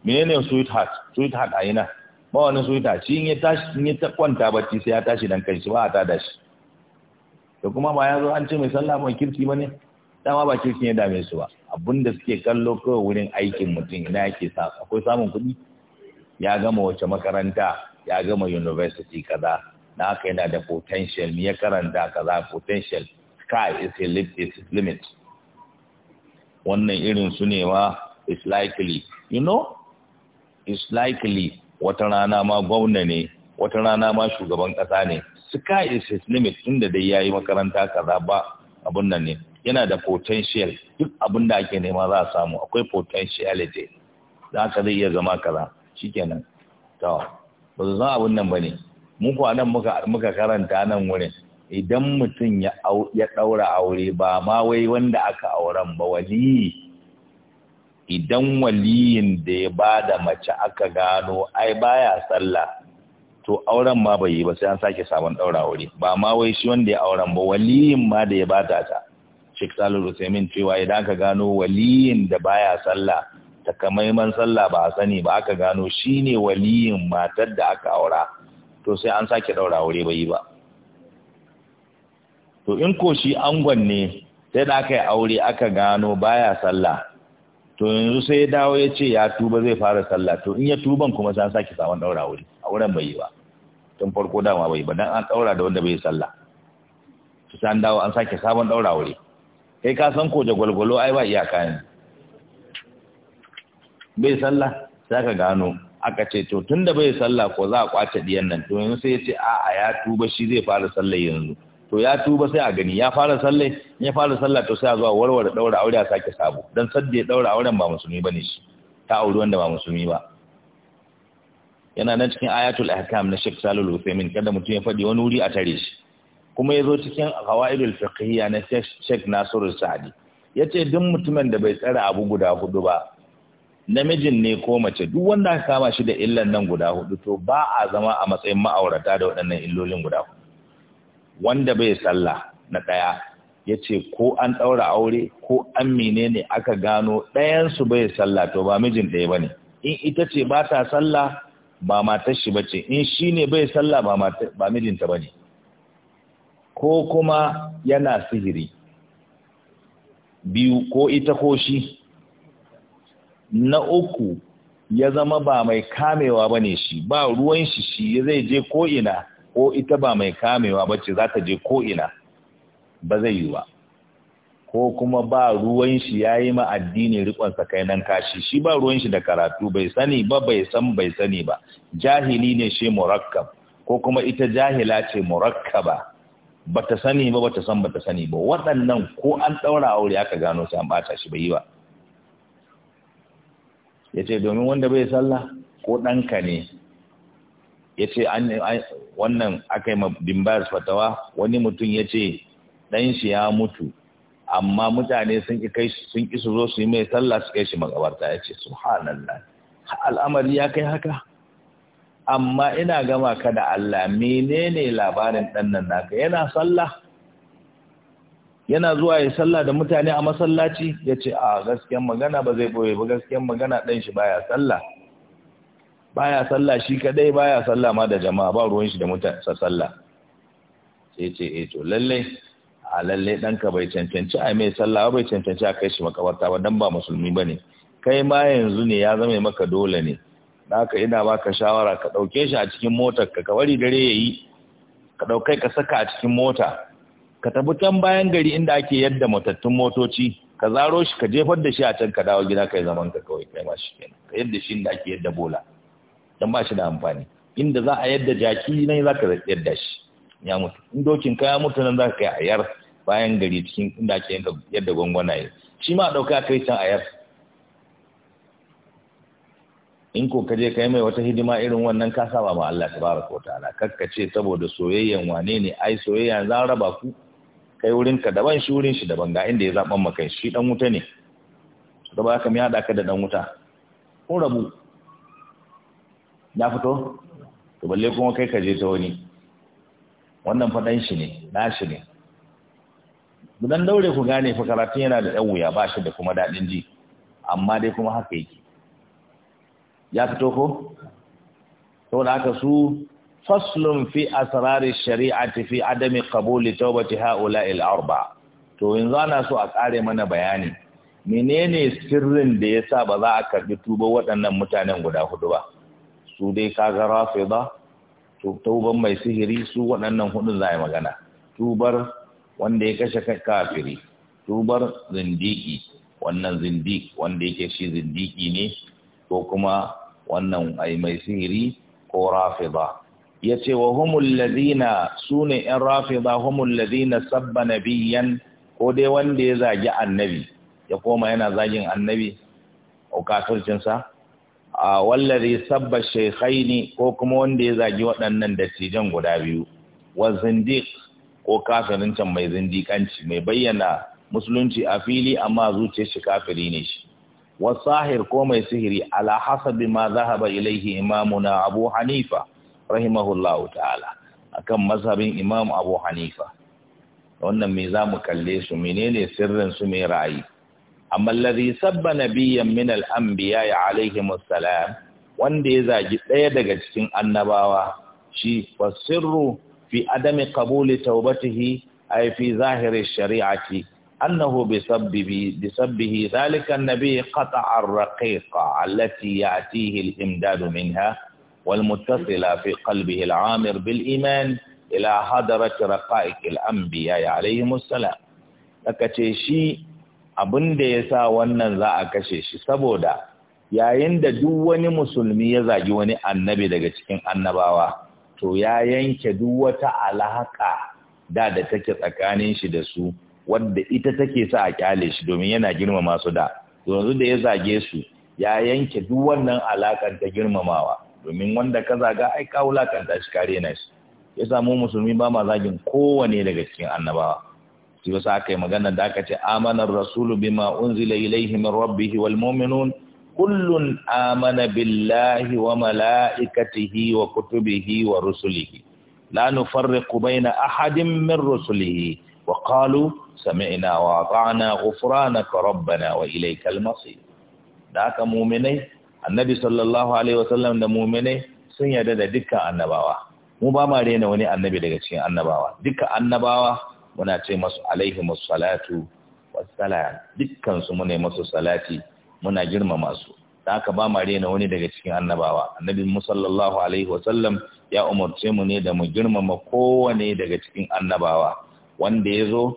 menene sweetheart sweetheart ayina ba wani sweetheart shi ya tashi in ya kwanta bacci sai ya tashi dan kanshi ba a tada shi da kuma ba ya zo an ce mai sallah mai kirki bane dama ba kirkin ya dame su ba abinda suke kallo kawai wurin aikin mutum ina yake sa akwai samun kuɗi ya gama wace makaranta ya gama university kaza na haka yana da potential ya karanta kaza potential sky is a is limit wannan irin su ne ma is likely you know is likely wata rana ma gwamna ne wata rana ma shugaban kasa ne sky is his limit inda dai yayi makaranta kaza ba abun nan ne yana da potential duk abin da ake nema za a samu akwai potentiality za ka zai iya zama kaza shikenan to ba su san abin nan ba ne mu kuwa nan muka karanta nan wurin idan mutum ya ɗaura aure ba ma wai wanda aka auren ba wali idan waliyin da ya ba da mace aka gano ai baya sallah to auren ma bai yi ba sai an sake sabon ɗaura aure ba ma wai shi wanda ya auren ba waliyin ma da ya ba ta Sheikh Salih Usaimin cewa idan aka gano waliyin da baya sallah takamaiman sallah ba a sani ba aka gano shine waliyin matar da aka aura to sai an sake daura aure bai yi ba to in ko shi angon ne sai da aka yi aure aka gano baya sallah to yanzu sai ya dawo ya ce ya tuba zai fara sallah to in ya tuban kuma sai an sake samun daura aure auren bai yi ba tun farko dama bai ba dan an daura da wanda bai sallah to sai an dawo an sake sabon daura aure kai ka san ko jagwalgwalo ai ba iyaka ne bai sallah sai ka gano aka ce to tun da bai sallah ko za a kwace diyan nan to yanzu sai ya ce a'a ya tuba shi zai fara sallah yanzu to ya tuba sai a gani ya fara sallah ya fara sallah to sai a zuwa warware daura aure a sake sabo dan sadda ya daura auren ba musulmi bane shi ta auri wanda ba musulmi ba yana nan cikin ayatul ahkam na Sheikh Salul Uthaymeen kada mutum ya fadi wani wuri a tare shi kuma yazo cikin qawaidul fiqhiyya na Sheikh Nasiru Sa'di yace duk mutumin da bai tsara abu guda hudu ba namijin ne ko mace duk wanda aka kama shi da illan nan guda hudu to ba a zama a matsayin ma'aurata da waɗannan illolin guda hudu wanda bai sallah na ɗaya ya ce ko an ɗaura aure ko an ne aka gano ɗayansu bai sallah to ba mijin ɗaya ba ne in ita ce ba ta sallah ba matar shi bace in shi ne bai sallah ba ba mijinta bane ko kuma yana sihiri biyu ko ita ko shi na uku ya zama ba mai kamewa ba ne shi ba ruwan shi shi zai je ko'ina ko ita ba mai kamewa ba ce za ta je ko'ina ba zai yi ba ko kuma ba ruwan shi ya yi ma addini rikonsa kai nan kashi shi ba ruwan shi da karatu bai sani ba bai san bai sani ba jahili ne shi murakkab ko kuma ita jahila ce murakkaba ta sani ba ba ta san ba ta sani ba waɗannan ko an ɗaura aure aka gano sai an ɓata shi bai yi ba ya ce domin wanda bai sallah ko ɗanka ne ya ce wannan aka yi dimbas fatawa wani mutum ya ce ɗan shi ya mutu amma mutane sun ƙi su zo su yi mai sallah su kai shi makabarta ya ce subhanallah al'amari ya kai haka amma ina gama ka da Allah menene labarin ɗannan naka yana sallah yana zuwa ya sallah da mutane a masallaci ya ce a ah, gaskiyan magana ba zai boye ba gaskiyan magana ɗan shi baya sallah baya sallah shi kadai baya sallah ma da jama'a ba ruwan shi da mutane sallah sai ce eh to lalle a lalle ɗanka bai cancanci a mai sallah bai cancanci a kai shi makabarta ba dan ba musulmi bane kai ma yanzu ne ya zama maka dole ne haka ina baka shawara ka ɗauke shi a cikin motar ka ka bari dare yayi ka ɗaukai ka saka a cikin mota ka tafi can bayan gari inda ake yadda matattun motoci ka zaro shi ka jefar da shi a can ka dawo gida kai zaman ka kawai kai ma shi kenan ka yadda shi inda ake yadda bola dan ba shi da amfani inda za a yadda jaki nan za ka yadda shi ya mutu in dokin ka ya mutu nan za ka kai ayar bayan gari cikin inda ake yadda gwangwanaye shi ma dauka kai can ayar in ko ka je kai mai wata hidima irin wannan ka saba ma Allah tabaraka wa ta'ala ce saboda soyayyan wane ne ai soyayya za raba ku kai wurin ka daban shi wurin shi daban ga inda ya zaban maka shi dan wuta ne da ba ka mi hada ka da dan wuta ko rabu na fito to balle kuma kai ka je ta wani wannan fadan shi ne shi ne dan daure ku gane fa karatun yana da dan wuya ba shi da kuma dadin ji amma dai kuma haka yake ya fito ko da haka su faslun fi asarari shari'a shari'ati fi adami qabuli tawbati ha'ula'il arba to yanzu na so a kare mana bayani menene sirrin da ya sa ba za a karbi tuba waɗannan mutanen guda hudu ba su dai ka ga kaga ba, to tauban mai sihiri su waɗannan hudun za a yi magana tubar wanda ya kashe kafiri tubar zindiki wannan zindiki wanda yake shi zindiki ne ko kuma wannan ai mai sihiri ko ba? ya ce wa humul ladina su ne ‘yan rafida humul ladina sabba nabiyan ko dai wanda ya zagi annabi ya koma yana zagin annabi a sa? a wallari sabba ne ko kuma wanda ya zagi waɗannan dattijan guda biyu wa zindik ko kafirin can mai zindikanci mai bayyana musulunci a fili amma zuciyar shi kafiri ne shi sahir ko mai sihiri ala hasabi ma zahaba ilaihi imamuna abu hanifa rahimahullahu ta'ala akan mazhabin Imam Abu Hanifa wannan me zamu kalle su menene sirrin su mai ra'ayi amma alladhi sabba nabiyyan min al-anbiya alayhimus salam wanda ya zagi daya daga cikin annabawa shi fasirru fi adami qabuli taubatihi ay fi zahiri shari'ati أنه بسببه, بسببه ذلك النبي قطع الرقيقة التي يأتيه الإمداد منها والمتصلة في قلبه العامر بالإيمان إلى حضرة رقائق الأنبياء عليهم السلام لكتي شيء abin da ya sa wannan za a kashe shi saboda yayin da duk wani musulmi ya zagi wani annabi daga cikin annabawa to ya yanke duk wata alaƙa da da take tsakanin shi da su wadda ita take sa a kyale shi domin yana girmama su da yanzu da ya zage su ya yanke duk wannan alaƙar ta girmamawa domin wanda ka zaga ai ka wulakanta shi kare na shi ya samu musulmi ba ma zagin kowane daga cikin annabawa Siyasa wasu aka yi magana da aka ce amanar rasulu bima unzila ilaihi min rabbihi wal mu'minun kullun amana billahi wa mala'ikatihi wa kutubihi wa rusulihi la nufarriqu baina ahadin min rusulihi wa qalu sami'na wa ata'na ghufranaka rabbana wa ilaykal masir da aka mu'minai annabi sallallahu alaihi wasallam da mu'minai sun yarda da dukkan annabawa mu ba ma rena wani annabi daga cikin annabawa dukkan annabawa muna ce masu alaihi salatu wassalam dukkan su muna masu salati muna girmama su da haka ba ma rena wani daga cikin annabawa annabi mu sallallahu alaihi wasallam ya umarce mu ne da mu girmama kowane daga cikin annabawa wanda ya zo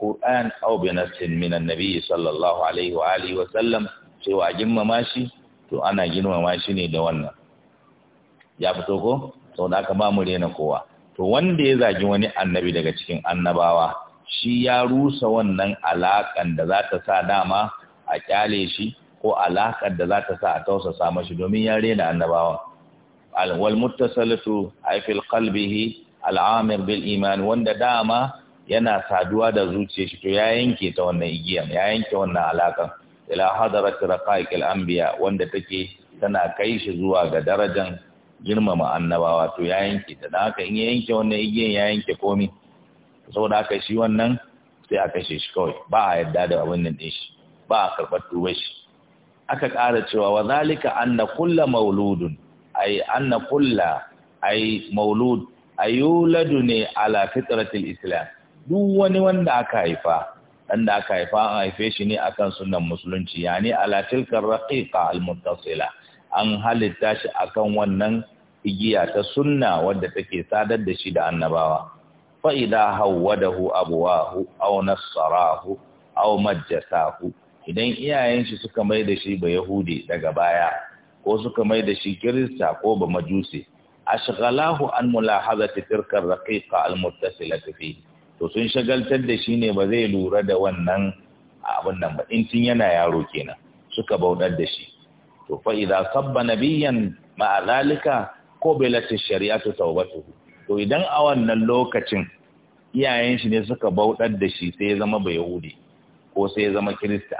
qur'an aw أو بنص من النبي sallallahu alaihi wa وآله وسلم cewa girmama shi to ana girmama shi ne da wannan ya fito ko sau da aka ba mu rena kowa to wanda ya zagi wani annabi daga cikin annabawa shi ya rusa wannan alaƙan da za ta sa dama a kyale shi ko alaƙar da za ta sa a tausasa mashi domin ya rena annabawa alwal muttasalatu ay kalbihi, al'amir bil iman wanda dama yana saduwa da zuciyar shi to ya yanke ta wannan igiyan ya yanke wannan alaƙan ila hadarat al anbiya wanda take tana kai shi zuwa ga darajan girmama annabawa to ya yanke ta dan haka in ya yanke wannan igiyen ya yanke komi saboda haka shi wannan sai a kashe shi kawai ba a yadda da abin nan din shi ba a karɓar tuba shi aka ƙara cewa wa zalika anna kullu mauludun ay anna kullu ay maulud ayuladu ne ala fitratil islam duk wani wanda aka haifa dan da aka haifa an haife shi ne akan sunan musulunci yani ala tilkar raqiqa an halitta shi akan wannan igiya ta sunna wadda take sadar da shi da annabawa fa idha hawwadahu abuwahu aw nasarahu aw majjasahu idan iyayen shi suka mai da shi ba yahudi daga baya ko suka mai da shi kirista ko ba majusi ashghalahu an mulahazati tilka raqiqa almuttasilati fihi to sun shagaltar da shi ne ba zai lura da wannan abin nan ba in tun yana yaro kenan suka bauɗar da shi to fa idza sabba nabiyyan ma alalika ko ash-shari'atu tawbatuhu to idan a wannan lokacin iyayen shi ne suka bautar da shi sai ya zama bayahudi ko sai ya zama kirista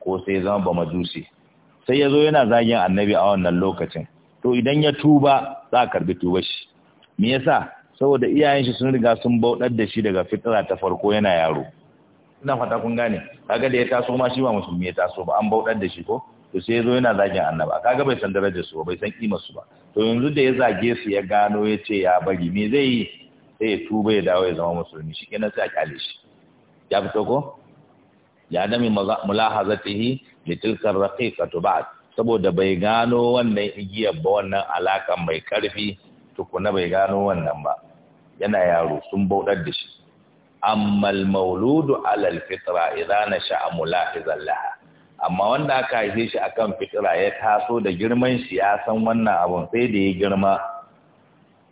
ko sai ya zama bamajusi sai ya zo yana zagin annabi a wannan lokacin to idan ya tuba za a karbi tuba shi me yasa saboda iyayen shi sun riga sun bauɗar da shi daga fitira ta farko yana yaro ina fata kun gane kaga da ya taso ma shi ba musulmi ya taso ba an bauɗar da shi ko to sai yazo yana zagin annaba kaga bai san darajar su ba bai san kimar su ba to yanzu da ya zage su ya gano ya ce ya bari me zai yi sai ya tuba ya dawo ya zama musulmi shi kenan sai a kyale shi ya fito ko ya mai mulahazatihi li tilka raqiqatu ba'd saboda bai gano wannan igiyar ba wannan alakan mai karfi tukuna bai gano wannan ba yana yaro sun bauɗar da shi amma mauludu alal fitra idza nasha'a mulahizan laha amma wanda aka haife shi akan fitra ya taso da girman shi ya san wannan abun sai da ya girma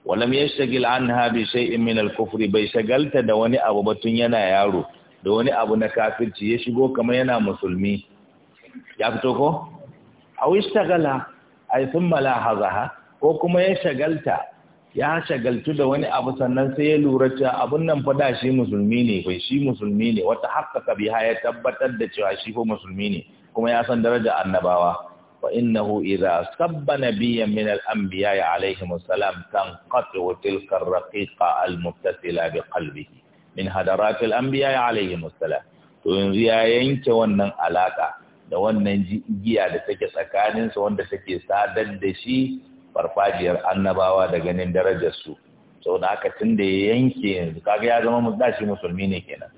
walam yashtagil anha bi shay'in min al-kufri bai shagalta da wani abu ba tun yana yaro da wani abu na kafirci ya shigo kamar yana musulmi ya fito ko aw ishtagala ay thumma lahazaha ko kuma ya shagalta ya shagaltu da wani abu sannan sai ya lura cewa abun nan fa da shi musulmi ne bai shi musulmi ne wata haqqaqa biha ya tabbatar da cewa shi ko musulmi ne kuma ya san daraja annabawa wa innahu idza sabba nabiyyan min al-anbiya alayhi salam tanqatu tilka ar-raqiqa al-muttasila bi qalbihi min hadarat al-anbiya alayhi salam to yanzu ya yanke wannan alaka da wannan jigiya da take tsakaninsa wanda take sadar da shi farfajiyar annabawa da ganin darajarsu sau da aka tun da ya yanke yanzu kaga ya zama shi musulmi ne kenan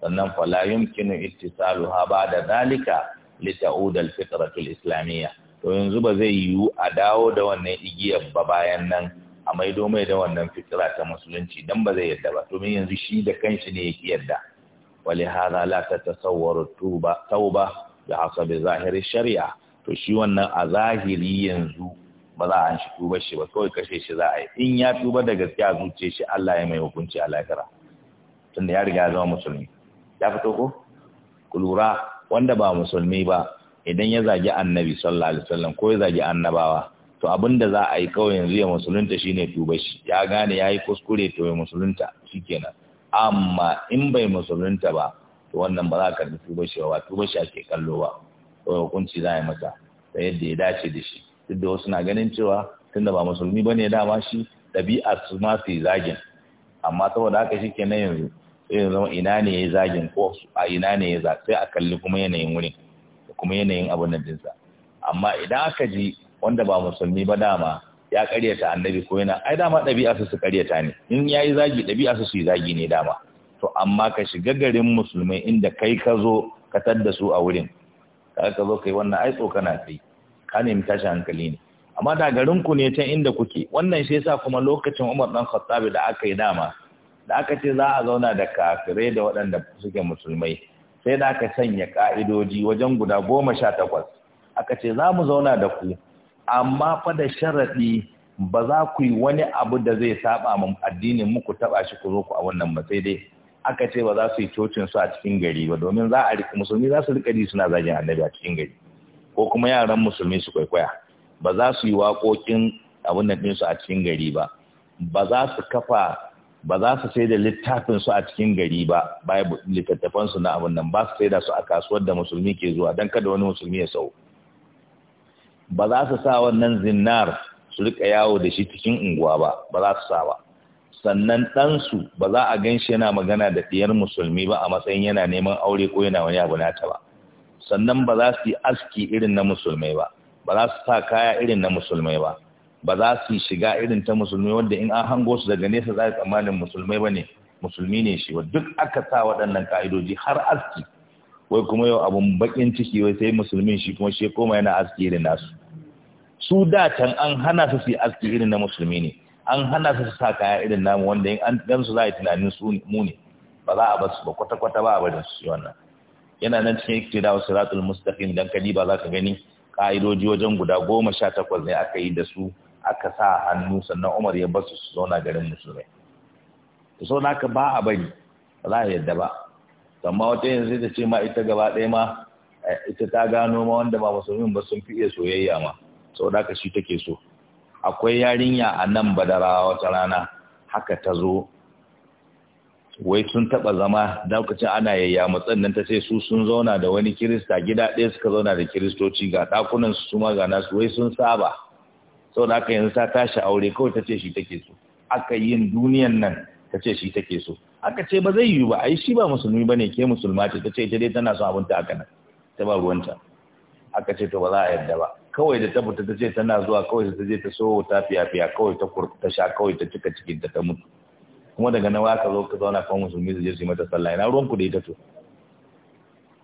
sannan fala yumkinu ittisaluha ba'da ba li dalika al-fitratul islamiyya to yanzu ba zai yiwu a dawo da wannan igiyar ba bayan nan a maido mai da wannan fitira ta musulunci dan ba zai yadda ba domin yanzu shi da kanshi ne yake yadda wali hadha la tatasawwaru tuba tauba bi asabi zahiri shari'a to shi wannan a zahiri yanzu ba za a shi tuba shi ba kawai kashe shi za a yi in ya tuba da gaske a zuce shi Allah ya mai hukunci a lafira tunda ya riga ya zama musulmi ya fito ko ku lura wanda ba musulmi ba idan ya zagi annabi sallallahu alaihi wasallam ko ya zagi annabawa to abin da za a yi kawai yanzu ya musulunta ne tuba shi ya gane ya yi kuskure to ya musulunta kenan. amma in bai musulunta ba to wannan ba za ka karbi tuba shi ba tuba shi ake kallo ba to hukunci za a yi masa da yadda ya dace da shi duk da wasu na ganin cewa tun da ba musulmi ba ne dama shi ɗabi'a su ma su zagin amma saboda haka shi kenan yanzu sai yanzu zama ina ne ya zagin ko a ina ne ya za sai a kalli kuma yanayin wurin da kuma yanayin abin da jinsa amma idan aka ji wanda ba musulmi ba dama ya karyata annabi ko yana ai dama ɗabi'a su su karyata ne in yi zagi ɗabi'a su su yi zagi ne dama to amma ka shiga garin musulmai inda kai ka zo ka tadda su a wurin ka zo ka yi wannan ai tsokana kai ka nemi tashi hankali ne amma da garin ku ne can inda kuke wannan shi yasa kuma lokacin Umar dan Khattab da aka yi dama da aka ce za a zauna da kafire da waɗanda suke musulmai sai da aka sanya ka'idoji wajen guda goma sha takwas aka ce za mu zauna da ku amma fa da sharaɗi ba za ku yi wani abu da zai saba mu addinin muku taba shi ku zo ku a wannan ba sai dai aka ce ba za su yi cocin su a cikin gari ba domin za a musulmi za su rika ji suna zagin annabi a cikin gari ko kuma yaran musulmi su kwaikwaya ba za su yi waƙoƙin abin da ɗinsu a cikin gari ba ba za su kafa ba za su sai da littafinsu a cikin gari ba littattafansu na abin nan ba su sai da su a kasuwar da musulmi ke zuwa don kada wani musulmi ya sau ba za su sa wannan zinnar su rika yawo da shi cikin unguwa ba ba za su sa ba sannan ɗansu ba za a gan shi yana magana da ɗiyar musulmi ba a matsayin yana neman aure ko yana wani abu nata ba sannan ba za su yi aski irin na musulmai ba ba za su sa kaya irin na musulmai ba ba za su shiga irin ta musulmai wanda in an hango su daga nesa za tsammanin musulmai ba ne musulmi ne shi duk aka sa waɗannan ka'idoji har aski wai kuma yau abun bakin ciki wai sai musulmin shi kuma shi koma yana aski irin nasu su da can an hana su su yi aski irin na musulmi ne an hana su su sa kaya irin namu wanda in an gansu za a yi tunanin su mu ne ba za a su ba kwata-kwata ba a barin su wannan yana nan cikin iktidawus siratul mustaqim dan kadi ba za ka gani ka'idoji wajen guda goma sha takwas ne aka yi da su aka sa hannu sannan Umar ya basu su zauna garin musulmai to so ka ba a bari ba za a yadda ba amma wata yanzu ta ce ma ita gaba ɗaya ma eh, ita ta gano ma wanda ba musulmin ba sun fi iya soyayya ma da ka shi take so akwai yarinya a nan badara wata rana haka ta zo wai sun taba zama lokacin ana yayya matsan nan ta sai su sun zauna da wani kirista gida ɗaya suka zauna da kiristoci ga ɗakunan su ma ga nasu wai sun saba sau da aka yanzu ta tashi aure kawai ta ce shi take so aka yin duniyan nan ta ce shi take so aka ce ba zai yiwu ba ai shi ba musulmi bane ke musulma ce ta ce ita dai tana son abin ta haka nan ta ba ruwanta aka ce to ba za a yarda ba kawai da ta fita ta ce tana zuwa kawai ta je ta so ta fiya fiya kawai ta sha kawai ta cika cikin ta ta mutu kuma daga nawa ka zo ka zauna kawai musulmi su je su yi mata sallah ina ruwanku da ita to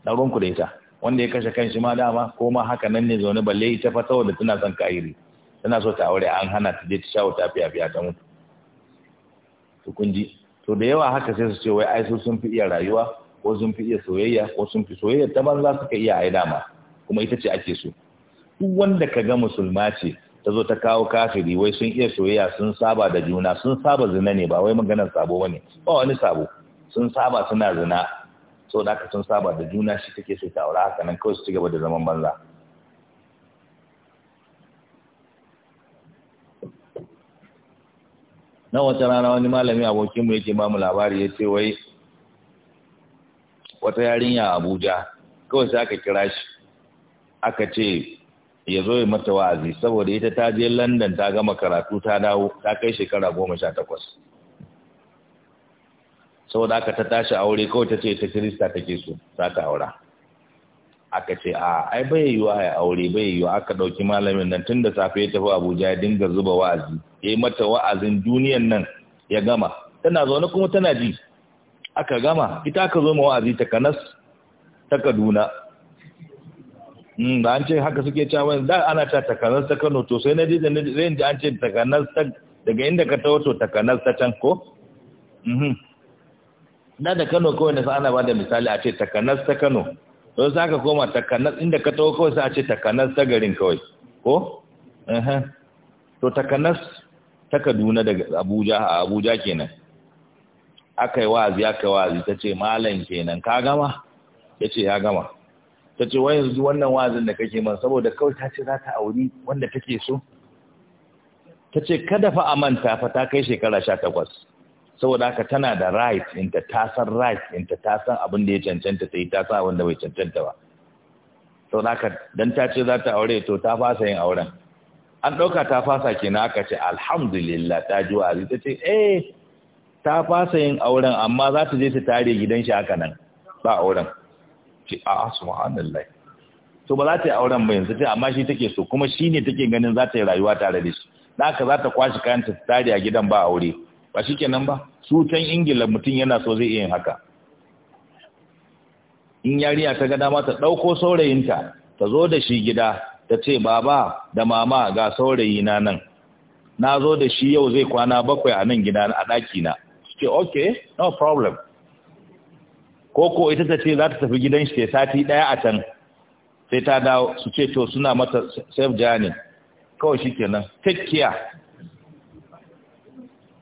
na ruwanku da ita wanda ya kashe kan shi ma dama ko ma haka nan ne zaune balle ita fa saboda tana son kairi tana so ta aure an hana ta je ta shawo ta fiya fiya ta mutu to kun ji to da yawa haka sai su ce wai ai su sun fi iya rayuwa ko sun fi iya soyayya ko sun fi soyayya ta su ka iya ai dama kuma ita ce ake so duk wanda ka ga musulma ce ta zo ta kawo kafiri wai sun iya soyayya sun saba da juna sun saba zina ne ba wai maganar sabo bane ba wani sabo sun saba suna zina so da aka sun saba da juna shi take so ta aura haka nan kawai su ci gaba da zaman banza na wata rana wani malami abokinmu yake ba mu labari ya ce wai wata yarinya abuja kawai sai aka kira shi aka ce ya zo ya mata wa'azi saboda ita ta je London ta gama karatu ta dawo ta kai shekara goma sha takwas. Saboda aka ta tashi aure kawai ta ce ta Kirista take so za ta aura. Aka ce a ai bai yiwu a aure bai yiwu, aka ɗauki malamin nan tun da safe ya tafi Abuja ya dinga zuba wa'azi ya yi mata wa'azin duniyan nan ya gama tana zaune kuma tana ji aka gama ita aka zo ma wa'azi ta kanas ta Kaduna Hmm, ba an ce haka suke cewa da ana ta takanas ta Kano to sai na ji da zai ji an ce takanas ta daga inda ka tawo to takanas ta can ko mhm da da Kano kawai na ana bada misali a ce takanas ta Kano to sai ka koma takanas inda ka tawo kawai sai a ce takanas ta garin kawai ko eh to takanas ta Kaduna daga Abuja a Abuja kenan akai wa'azi akai wa'azi tace malam kenan ka gama yace ya gama ta ce wai yanzu wannan wazin da kake man saboda kawai ta ce za ta auri wanda take so ta ce kada fa a manta fa ta kai shekara sha takwas saboda haka tana da right inta ta san right inta ta san abin da ya cancanta ta yi ta san abin da bai cancanta ba saboda haka dan ta ce za ta aure to ta fasa yin auren an ɗauka ta fasa kenan aka ce alhamdulillah ta ji wa'azi ta ce eh ta fasa yin auren amma za ta je ta tare gidan shi haka nan ba auren ce a subhanallah to ba za ta yi auren ba yanzu ta amma shi take so kuma shi ne take ganin za ta yi rayuwa tare da shi da haka za ta kwashi kayan ta tare a gidan ba aure ba shi kenan ba su can ingila mutum yana so zai iya yin haka in yariya ta ga dama ta ɗauko saurayinta ta zo da shi gida ta ce baba da mama ga saurayi na nan na zo da shi yau zai kwana bakwai a nan gida a ɗaki na su ce okay no problem ko ko ita ta ce za ta tafi gidan shi sati ɗaya a can sai ta dawo su ce to suna mata self journey kawai shi kenan take care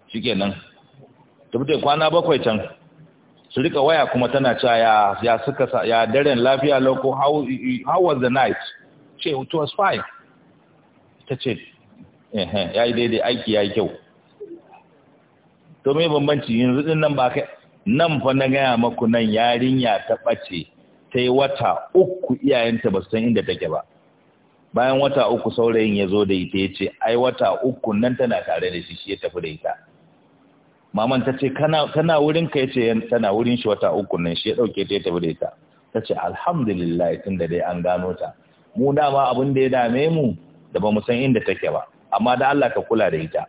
shi kenan tabbata kwana bakwai can su rika waya kuma tana cewa ya ya suka ya daren lafiya loko how how was the night ce it was fine ta ce eh eh yayi daidai aiki yayi kyau to me bambanci yanzu din nan ba kai nan fa na gaya maku nan yarinya ta ɓace ta yi wata uku iyayenta ba su san inda take ba bayan wata uku saurayin ya zo da ita ya ce ai wata uku nan tana tare da shi shi ya tafi da ita maman ta ce kana wurin ka ya ce tana wurin shi wata uku nan shi ya ɗauke ta ya tafi da ita ta ce alhamdulillah tun da dai an gano ta mu dama abin da ya dame mu da ba mu san inda take ba amma da Allah ka kula da ita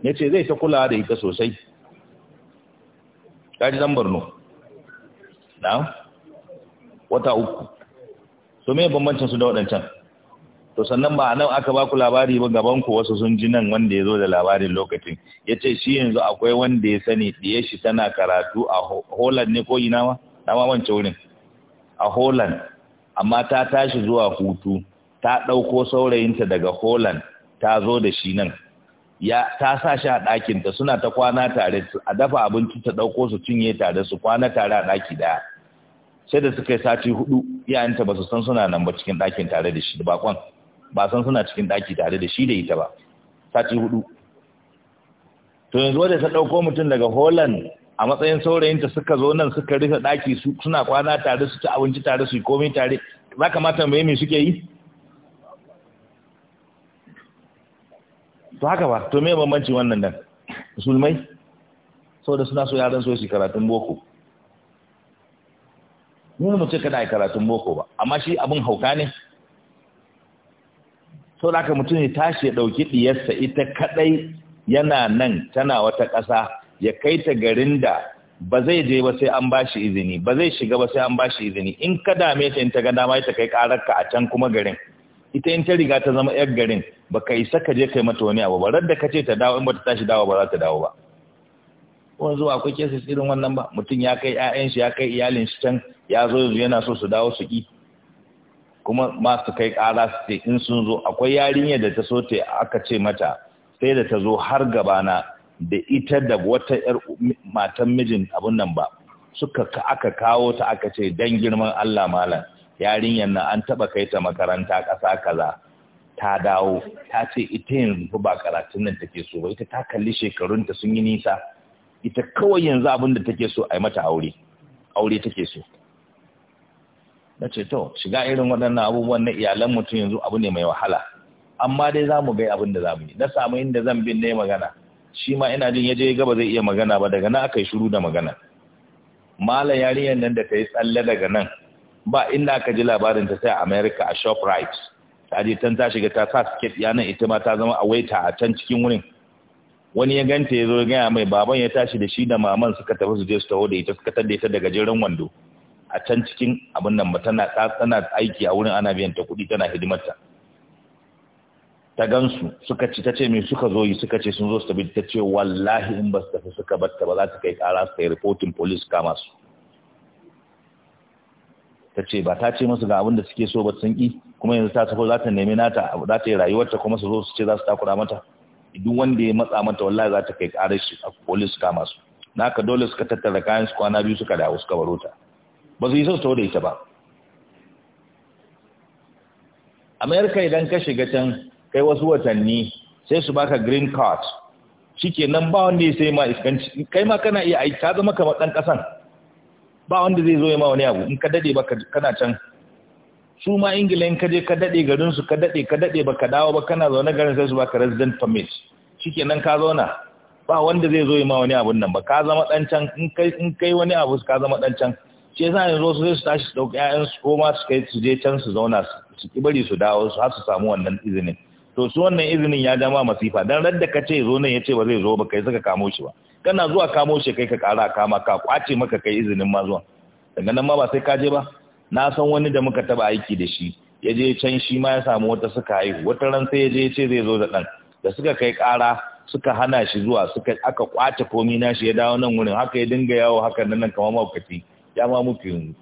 ya ce zai ta kulawa da ita sosai kaji zan borno na wata uku to me bambancin su da waɗancan to sannan ba nan aka ba ku labari ba gaban ku wasu sun ji nan wanda ya zo da labarin lokacin ya ce shi yanzu akwai wanda ya sani ɗiye shi tana karatu a holland ne ko ina ma na wance wurin a holland amma ta tashi zuwa hutu ta ɗauko saurayinta daga holland ta zo da shi nan ya ta sa shi a ɗakinta suna ta kwana tare a dafa abinci ta ɗauko su cinye tare su kwana tare a ɗaki ɗaya sai da suka yi sati hudu iyayenta ba su san suna nan ba cikin ɗakin tare da shi da bakon ba san suna cikin ɗaki tare da shi da ita ba sati hudu to yanzu wadda ta ɗauko mutum daga holland a matsayin saurayinta suka zo nan suka rufe ɗaki suna kwana tare su ci abinci tare su yi komai tare za ka mata mai me suke yi to haka ba to me bambanci wannan nan musulmai saboda suna so yaran so su karatun boko mu mu ce kada ai karatun boko ba amma shi abin hauka ne to da haka mutum ya tashi ya dauki diyarsa ita kadai yana nan tana wata kasa ya kai ta garin da ba zai je ba sai an bashi izini ba zai shiga ba sai an bashi izini in ka dame ta in ta ga dama ta kai ƙararka a can kuma garin ita in ta riga ta zama yar garin ba ka isa ka je kai mata wani abu ba da ka ce ta dawo in ba ta tashi dawo ba za ta dawo ba wani zuwa akwai kesa irin wannan ba mutum ya kai 'ya'yan shi ya kai iyalin shi can ya zo yanzu yana so su dawo su ki kuma masu kai ƙara su ce in sun zo akwai yarinya da ta so ta aka ce mata sai da ta zo har gabana da ita da wata yar matan mijin abun nan ba suka aka kawo ta aka ce dan girman Allah malam yarinyar nan an taba kai ta makaranta kasa kaza ta dawo ta ce ita yanzu ba karatun nan take so ba ita ta kalli shekarunta sun yi nisa ita kawai yanzu abin da take so a yi mata aure aure take so na ce to shiga irin waɗannan abubuwan na iyalan mutum yanzu abu ne mai wahala amma dai za mu ga abin da za mu yi na samu inda zan bin ne magana shi ma ina jin yaje gaba zai iya magana ba daga na aka yi shiru da magana malam yarinyar nan da ta yi tsalle daga nan ba inda aka ji labarin ta sai a America a Shoprite ta je tan ta shiga ta sa siket yana ita ma ta zama a waita a can cikin wurin wani ya ganta ya zo gaya mai baban ya tashi da shi da maman suka tafi su je su taho da ita suka tadda ita daga jiran wando a can cikin abin nan ba tana aiki a wurin ana biyan ta kuɗi tana hidimarta ta gansu suka ci ta ce me suka zo yi suka ce sun zo su tafi ta ce wallahi in ba su tafi suka batta ba za ta kai kara su kai reporting police kama su ta ce ba ta ce musu ga abin da suke so ba sun ki kuma yanzu ta sako za ta nemi nata za ta yi rayuwarta kuma su zo su ce za su takura mata duk wanda ya matsa mata wallahi za ta kai karar shi a polis su kama su na ka dole suka tattara kayan su kwana biyu suka dawo suka baro ta ba su yi sau da ita ba amerika idan ka shiga can kai wasu watanni sai su baka green card shi nan ba wanda ya sai ma iskanci kai ma kana iya aiki ka zama kamar ɗan kasan ba wanda zai zo ya ma wani abu in ka dade ba kana can su ma ingila in ka je ka dade garin su ka dade ka dade ba ka dawo ba kana zaune garin sai su baka resident permit shikenan ka zauna ba wanda zai zo ya ma wani abun nan ba ka zama dan can in kai in kai wani abu ka zama dan can shi yasa yanzu su zai su tashi su dauki ƴaƴan su ko ma su kai su je can su zauna su ki bari su dawo su har su samu wannan izinin to su wannan izinin ya jama masifa dan radda ka ce zo nan ya ce ba zai zo ba kai suka kamo shi ba kana zuwa kamo shi kai ka kara kama ka kwace maka kai izinin ma zuwa daga nan ma ba sai ka je ba na san wani da muka taba aiki da shi ya je can shi ma ya samu wata suka haihu wata ran sai ya je ya ce zai zo da dan da suka kai kara suka hana shi zuwa suka aka kwace komi na shi ya dawo nan wurin haka ya dinga yawo haka nan kamar maukaci ya ma muku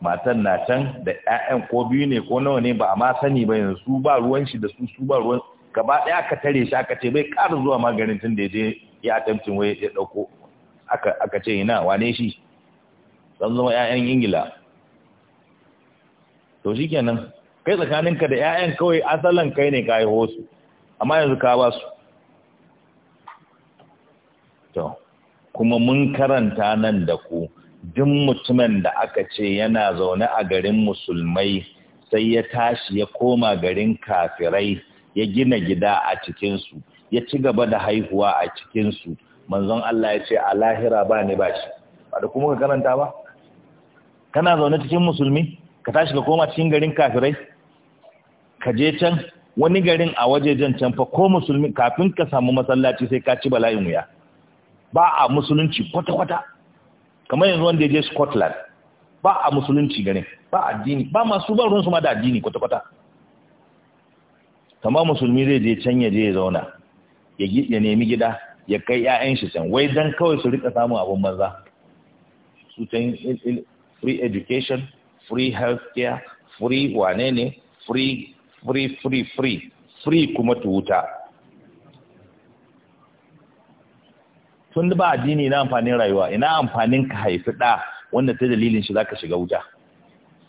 matan na can da ƴaƴan ko biyu ne ko nawa ne ba a ma sani ba yanzu su ba ruwan shi da su su ba ruwan gaba ɗaya aka tare shi aka ce bai ƙara zuwa maganin tun da ya je ya tamcin wai ya ɗauko aka aka ce ina wane shi sun zama ƴaƴan ingila to shi kenan kai tsakaninka da ƴaƴan kawai asalan kai ne ka haihu su amma yanzu ka ba su to kuma mun karanta nan da ku duk mutumin da aka ce yana zaune a garin musulmai sai ya tashi ya koma garin kafirai ya gina gida a cikinsu ya ci gaba da haihuwa a cikinsu manzon Allah ya ce a lahira ba ne ba shi ba da kuma ka karanta ba kana zaune cikin musulmi ka tashi ka koma cikin garin kafirai ka je can wani garin a wajejen can fa ko musulmi kafin ka samu masallaci sai ka ci bala'in wuya ba a musulunci kwata-kwata kamar yanzu wanda ya je Scotland ba a musulunci gane ba addini ba masu ba su ma da addini kwata-kwata kamar musulmi zai je can ya je ya zauna ya nemi gida ya kai 'ya'yan shi can wai don kawai su rika samun abin banza su can free education free healthcare free wane ne free free free free free kuma tuwuta tun ba addini na amfanin rayuwa ina amfanin ka haifi ɗa wanda ta dalilin shi zaka shiga wuta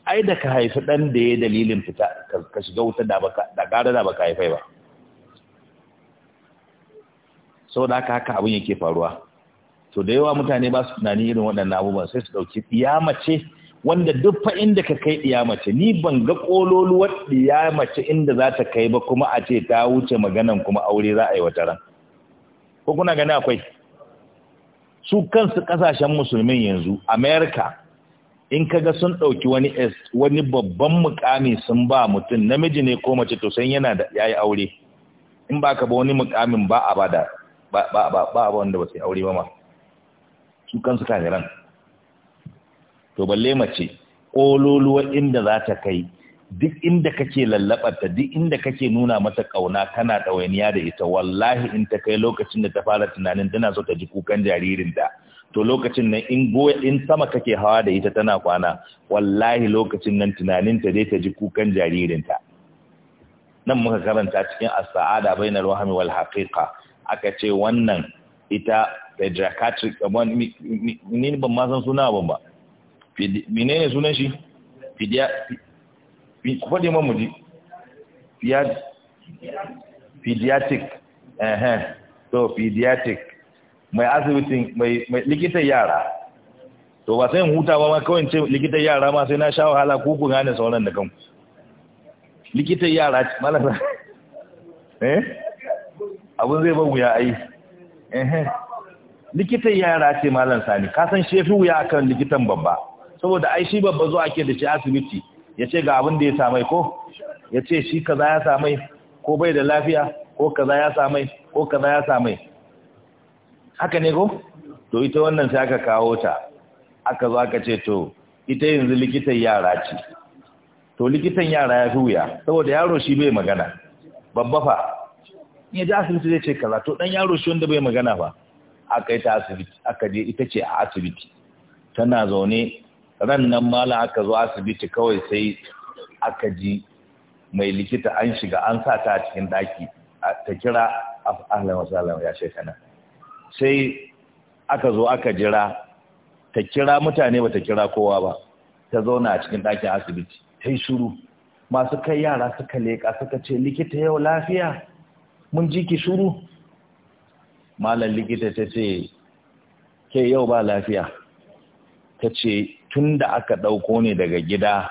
ai da ka haifi ɗan da ya dalilin fita ka shiga wuta da baka da gara da baka haifai ba saboda haka haka abin yake faruwa to da yawa mutane ba su tunani irin waɗannan abubuwan sai su ɗauki mace wanda duk fa inda ka kai mace ni ban ga ƙololuwar mace inda za ta kai ba kuma a ce ta wuce maganan kuma aure za a yi wata ran ko kuna gani akwai su kansu kasashen musulmin yanzu Amerika, in kaga sun ɗauki wani wani babban mukami sun ba mutum namiji ne ko mace to sai yana da yayi aure in ba ka ba wani mukamin ba a bada ba ba ba ba wanda ba sai aure ba ma su kansu kafiran to balle mace kololuwa inda za ta kai duk inda kake lallabarta duk inda kake nuna mata kauna kana ɗawainiya da ita wallahi in ta kai lokacin da ta fara tunanin tana so ta ji kukan jaririnta to lokacin nan in goya in sama kake hawa da ita tana kwana wallahi lokacin nan tunaninta dai ta ji kukan jaririnta nan muka karanta cikin as-sa'ada bainal wahmi wal haqiqa aka ce wannan ita pediatric kaman ni ban ma san suna ban ba menene sunan shi ku faɗi man muji pediatric eh to pediatric mai asibitin mai likitan yara to ba sai huta ba ma kawai ce likitan yara ma sai na sha wahala ku ku gane sauran da kanku likitan yara malaka *laughs* eh abun zai ba wuya ai eh likitan yara ce malam sani ka san shefi wuya akan likitan babba saboda ai shi babba zuwa ake da shi asibiti ya ce ga abin da ya samai ko ya ce shi kaza ya samai ko bai da lafiya ko kaza ya samai ko kaza ya samai haka ne ko to ita wannan sai aka kawo ta aka zo aka ce to ita yanzu likitan yara ce to likitan yara ya fi wuya saboda yaro shi bai magana babba fa ya ji asibiti zai ce kaza to dan yaro shi wanda bai magana fa aka yi ta asibiti aka je ita ce a asibiti tana zaune ran nan malam aka zo asibiti kawai sai aka ji mai likita an shiga an sa ta cikin daki ta kira ah, ahlan wasallam ya shekana sai aka zo aka jira ta kira mutane ba ta kira kowa ba ta zauna a cikin ɗakin asibiti ta yi shuru masu kai yara suka leƙa suka ce likita yau lafiya mun ji ki shuru malam likita ta ce ke yau ba lafiya ta ce tun da aka ɗauko ne daga gida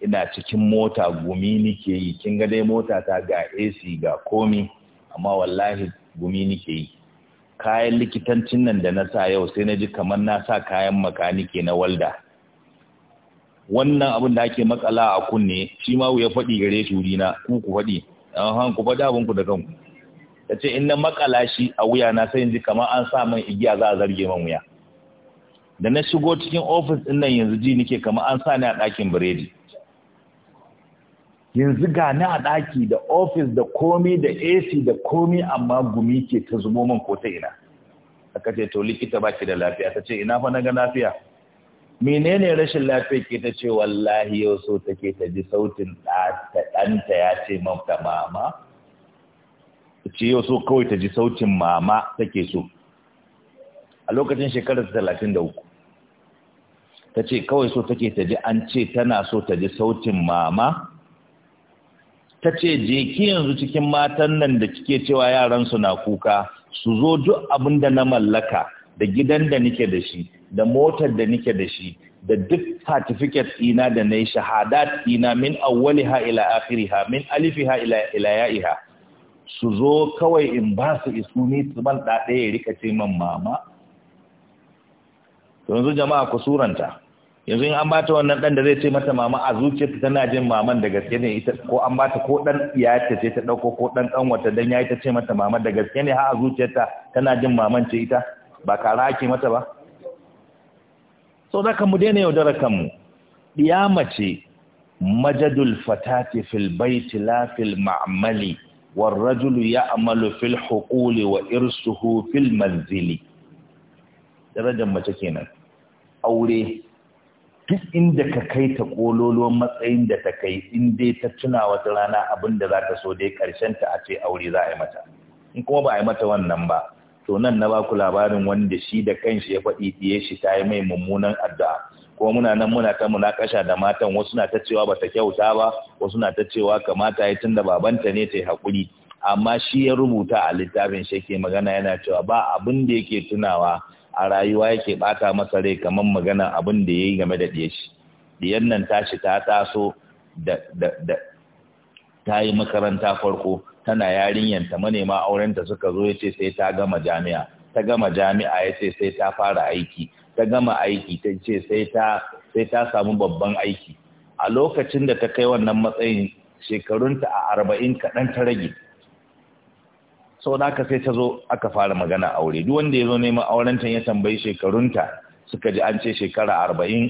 ina cikin mota gumi nike yi kin ga dai mota ta ga AC ga komi amma wallahi gumi nike yi kayan likitancin nan da na sa yau sai na ji kamar na sa kayan makanike na walda wannan abin da ake matsala a kunne shi ma ya faɗi gare shi na ku ku faɗi an ku faɗi abinku da kanku ta ce in na makala shi a wuya na sai in ji kamar an sa man igiya za a zarge man wuya da na shigo cikin ofis ɗinnan, nan yanzu ji nake kamar an sa ni a ɗakin biredi yanzu ga ni a ɗaki da ofis da komi da AC da komi amma gumi ke ta zubo man ko ta ina aka ce to likita ba ki da lafiya ta ce ina fa na ga lafiya menene rashin lafiya ke ta ce wallahi yau so take ta ji sautin ɗanta ya ce mata mama ce yau so kawai ta ji sautin mama take so a lokacin shekarar talatin da uku ta ce kawai so take ta ji an ce tana so ta ji sautin mama ta ce je yanzu cikin matan nan da kike cewa yaran su na kuka su zo duk abin da na mallaka da gidan da nike da shi da motar da nike da shi da duk certificate ina da na shahadat ina min awwaliha ila akhiriha min alifiha ila ila ya'iha su zo kawai in ba su isu ni su ban da ya rika ce man mama yanzu jama'a ku suranta yanzu in an bata wannan dan da zai ce mata mama a zuciyarta tana jin maman da gaske ne ita ko an bata ko dan ta ce ta dauko ko dan dan wata dan ya ta ce mata mama da gaske ne har a zuciyarta tana jin maman ce ita ba kara ake mata ba so da kan mu daina kan kanmu diyama ce majadul fatati fil baiti la fil ma'mali والرجل fil wa wa irsuhu fil manzili darajar mace kenan aure duk inda ka kai ta kololuwan matsayin da ta kai in dai ta tuna wata rana abin da za ta so dai karshen ta a ce aure za a yi mata in kuma ba a yi mata wannan ba to nan na baku labarin wanda shi da kanshi ya faɗi fiye shi ta yi mai mummunan addu'a kuma muna nan muna ta munakasha da matan wasu na ta cewa bata kyauta ba wasu na ta cewa kamata ya tunda babanta ne ta yi haƙuri amma shi ya rubuta a littafin shi yake magana yana cewa ba abin da yake tunawa a rayuwa yake bata masa rai kamar magana abin da ya yi game da ɗiyar shi ɗiyar nan shi ta taso da ta yi makaranta farko tana yarinyar ta. manema aurenta suka zo ya ce sai ta gama jami'a ta gama jami'a ya ce sai ta fara aiki ta gama aiki ta ce ta sai ta samu babban aiki a lokacin da ta kai wannan matsayin shekarunta a arba'in kaɗan ta rage sau da aka sai ta zo aka fara magana aure duk wanda ya zo neman aurenta ya tambayi shekarunta suka ji an ce shekara arba'in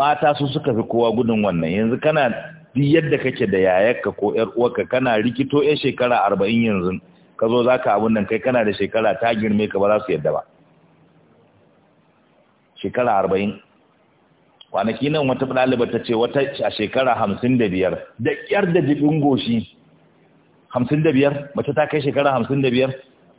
mata su suka fi kowa gudun wannan yanzu kana duk yadda kake da yayakka ko yar uwarka kana rikito yar shekara arba'in yanzu ka zo za ka abin nan kai kana da shekara ta girme ka ba za su yadda ba shekara arba'in kwanaki nan wata ɗaliba ta ce wata a shekara hamsin da biyar da ƙyar da jibin goshi hamsin da biyar mace ta kai shekara hamsin da biyar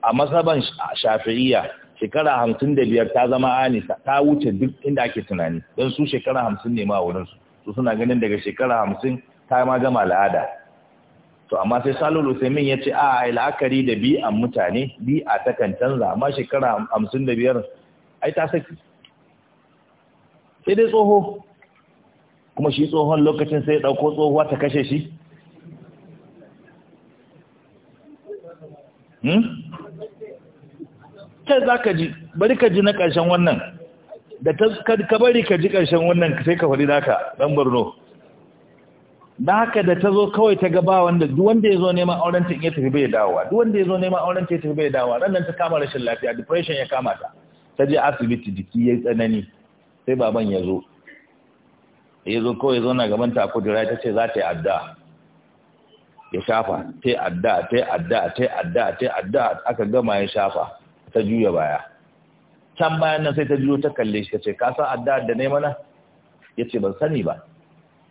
a masaban shafi'iyya shekara hamsin da biyar ta zama ani ta wuce duk inda ake tunani don su shekara hamsin ne ma wurin su su suna ganin daga shekara hamsin ta ma gama al'ada to amma sai salulu sai min ya ce a a la'akari da an mutane bi'a ta kan canza amma shekara hamsin da biyar ai ta saki sai dai tsoho kuma shi tsohon lokacin sai ɗauko tsohuwa ta kashe shi Hmm? kai za ka ji bari ka ji na ƙarshen wannan da ka bari ka ji ƙarshen wannan sai ka faɗi naka ɗan borno da haka da ta zo kawai ta gaba wanda duk wanda ya zo neman auren ta iya tafi bai dawowa duk wanda ya zo neman auren ta ya tafi bai dawowa ranar ta kama rashin lafiya depression ya kama ta ta je asibiti jiki yi tsanani sai baban ya zo ya zo kawai zo na gaban ta a kudura ta ce za ta yi addu'a ya shafa ta adda ta adda ta adda ta adda aka gama ya shafa ta juya baya can bayan nan sai ta juyo ta kalle shi ta ce ka san adda da ne mana ya ce ban sani ba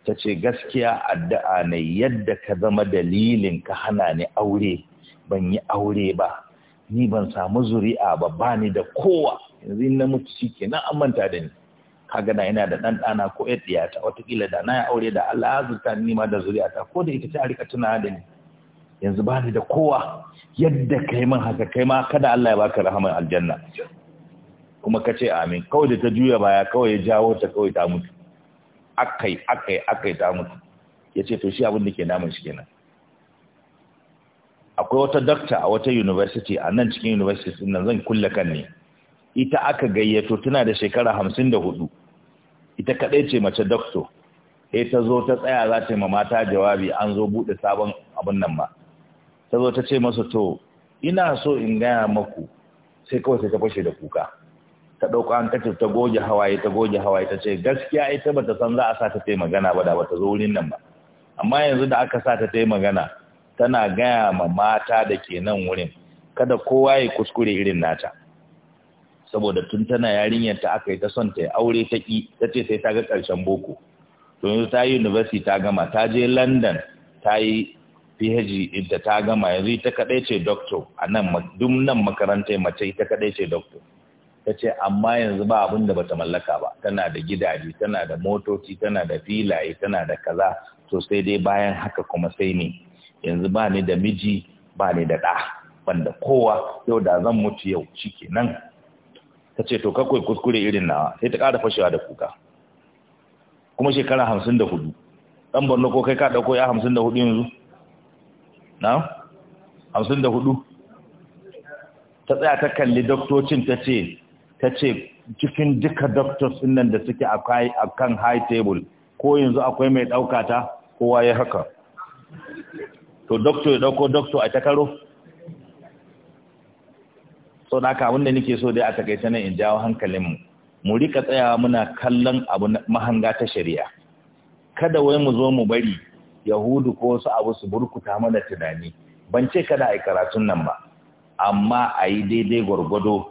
ta ce gaskiya addu'a ne yadda ka zama dalilin ka hana ni aure ban yi aure ba ni ban samu zuri'a ba ba ni da kowa yanzu na mutu shi kenan an manta da ni ka yana yana da dan dana ko yar diyata watakila da na ya aure da Allah ya azurta ni ma da zuriyata ko da ita ta rika tuna da ni yanzu ba ni da kowa yadda kai min haka kai ma kada Allah ya baka rahaman aljanna kuma ka ce amin kawai da ta juya baya kawai ya jawo ta kawai ta mutu akai akai akai ta mutu ya ce to shi abin da ke namun shi kenan akwai wata dakta a wata university a nan cikin university nan zan kulle kan ne ita aka gayyato tana da shekara hamsin da hudu ita kaɗai ce mace dokto sai ta zo ta tsaya za ta yi ma mata jawabi an zo buɗe sabon abin nan ma ta zo ta ce masa to ina so in gaya maku sai kawai sai ta fashe da kuka ta ɗauko an kace ta goge hawaye ta goge hawaye ta ce gaskiya ita bata san za a sa ta tai magana ba da ba ta zo wurin nan ba amma yanzu da aka sa ta tai magana tana gaya ma mata da ke nan wurin kada kowa ya kuskure irin nata saboda tun tana yarinyar ta aka yi ta son ta yi aure ta ki ta ce sai ta ga karshen boko to yanzu ta yi university ta gama ta je london ta yi phd inda ta gama yanzu ita kaɗai ce doctor a nan duk nan makarantar mace ita kaɗai ce doctor ta ce amma yanzu ba abin da bata mallaka ba tana da gidaje tana da motoci tana da filaye tana da kaza to sai dai bayan haka kuma sai ne. yanzu ba ni da miji ba ni da ɗa Banda kowa yau da zan mutu yau nan. ta ce to kakwai kuskure irin na sai ta ƙara fashewa da kuka kuma shekara hamsin da hudu ɗan borno ko kai ka ɗauko ya hamsin da hudu yanzu na hamsin da hudu ta tsaya ta kalli doktocin ta ce ta ce cikin duka doctors nan da suke a kan high table ko yanzu akwai mai ɗauka ta kowa ya haka to doctor ya ɗauko doctor a ta karo sau da haka abinda nake so dai a takaice nan in jawo hankalinmu mu rika tsayawa muna kallon abu mahanga ta shari'a kada wai mu zo mu bari yahudu ko wasu abu su burkuta mana tunani ban ce kada a karatun nan ba amma a yi daidai gwargwado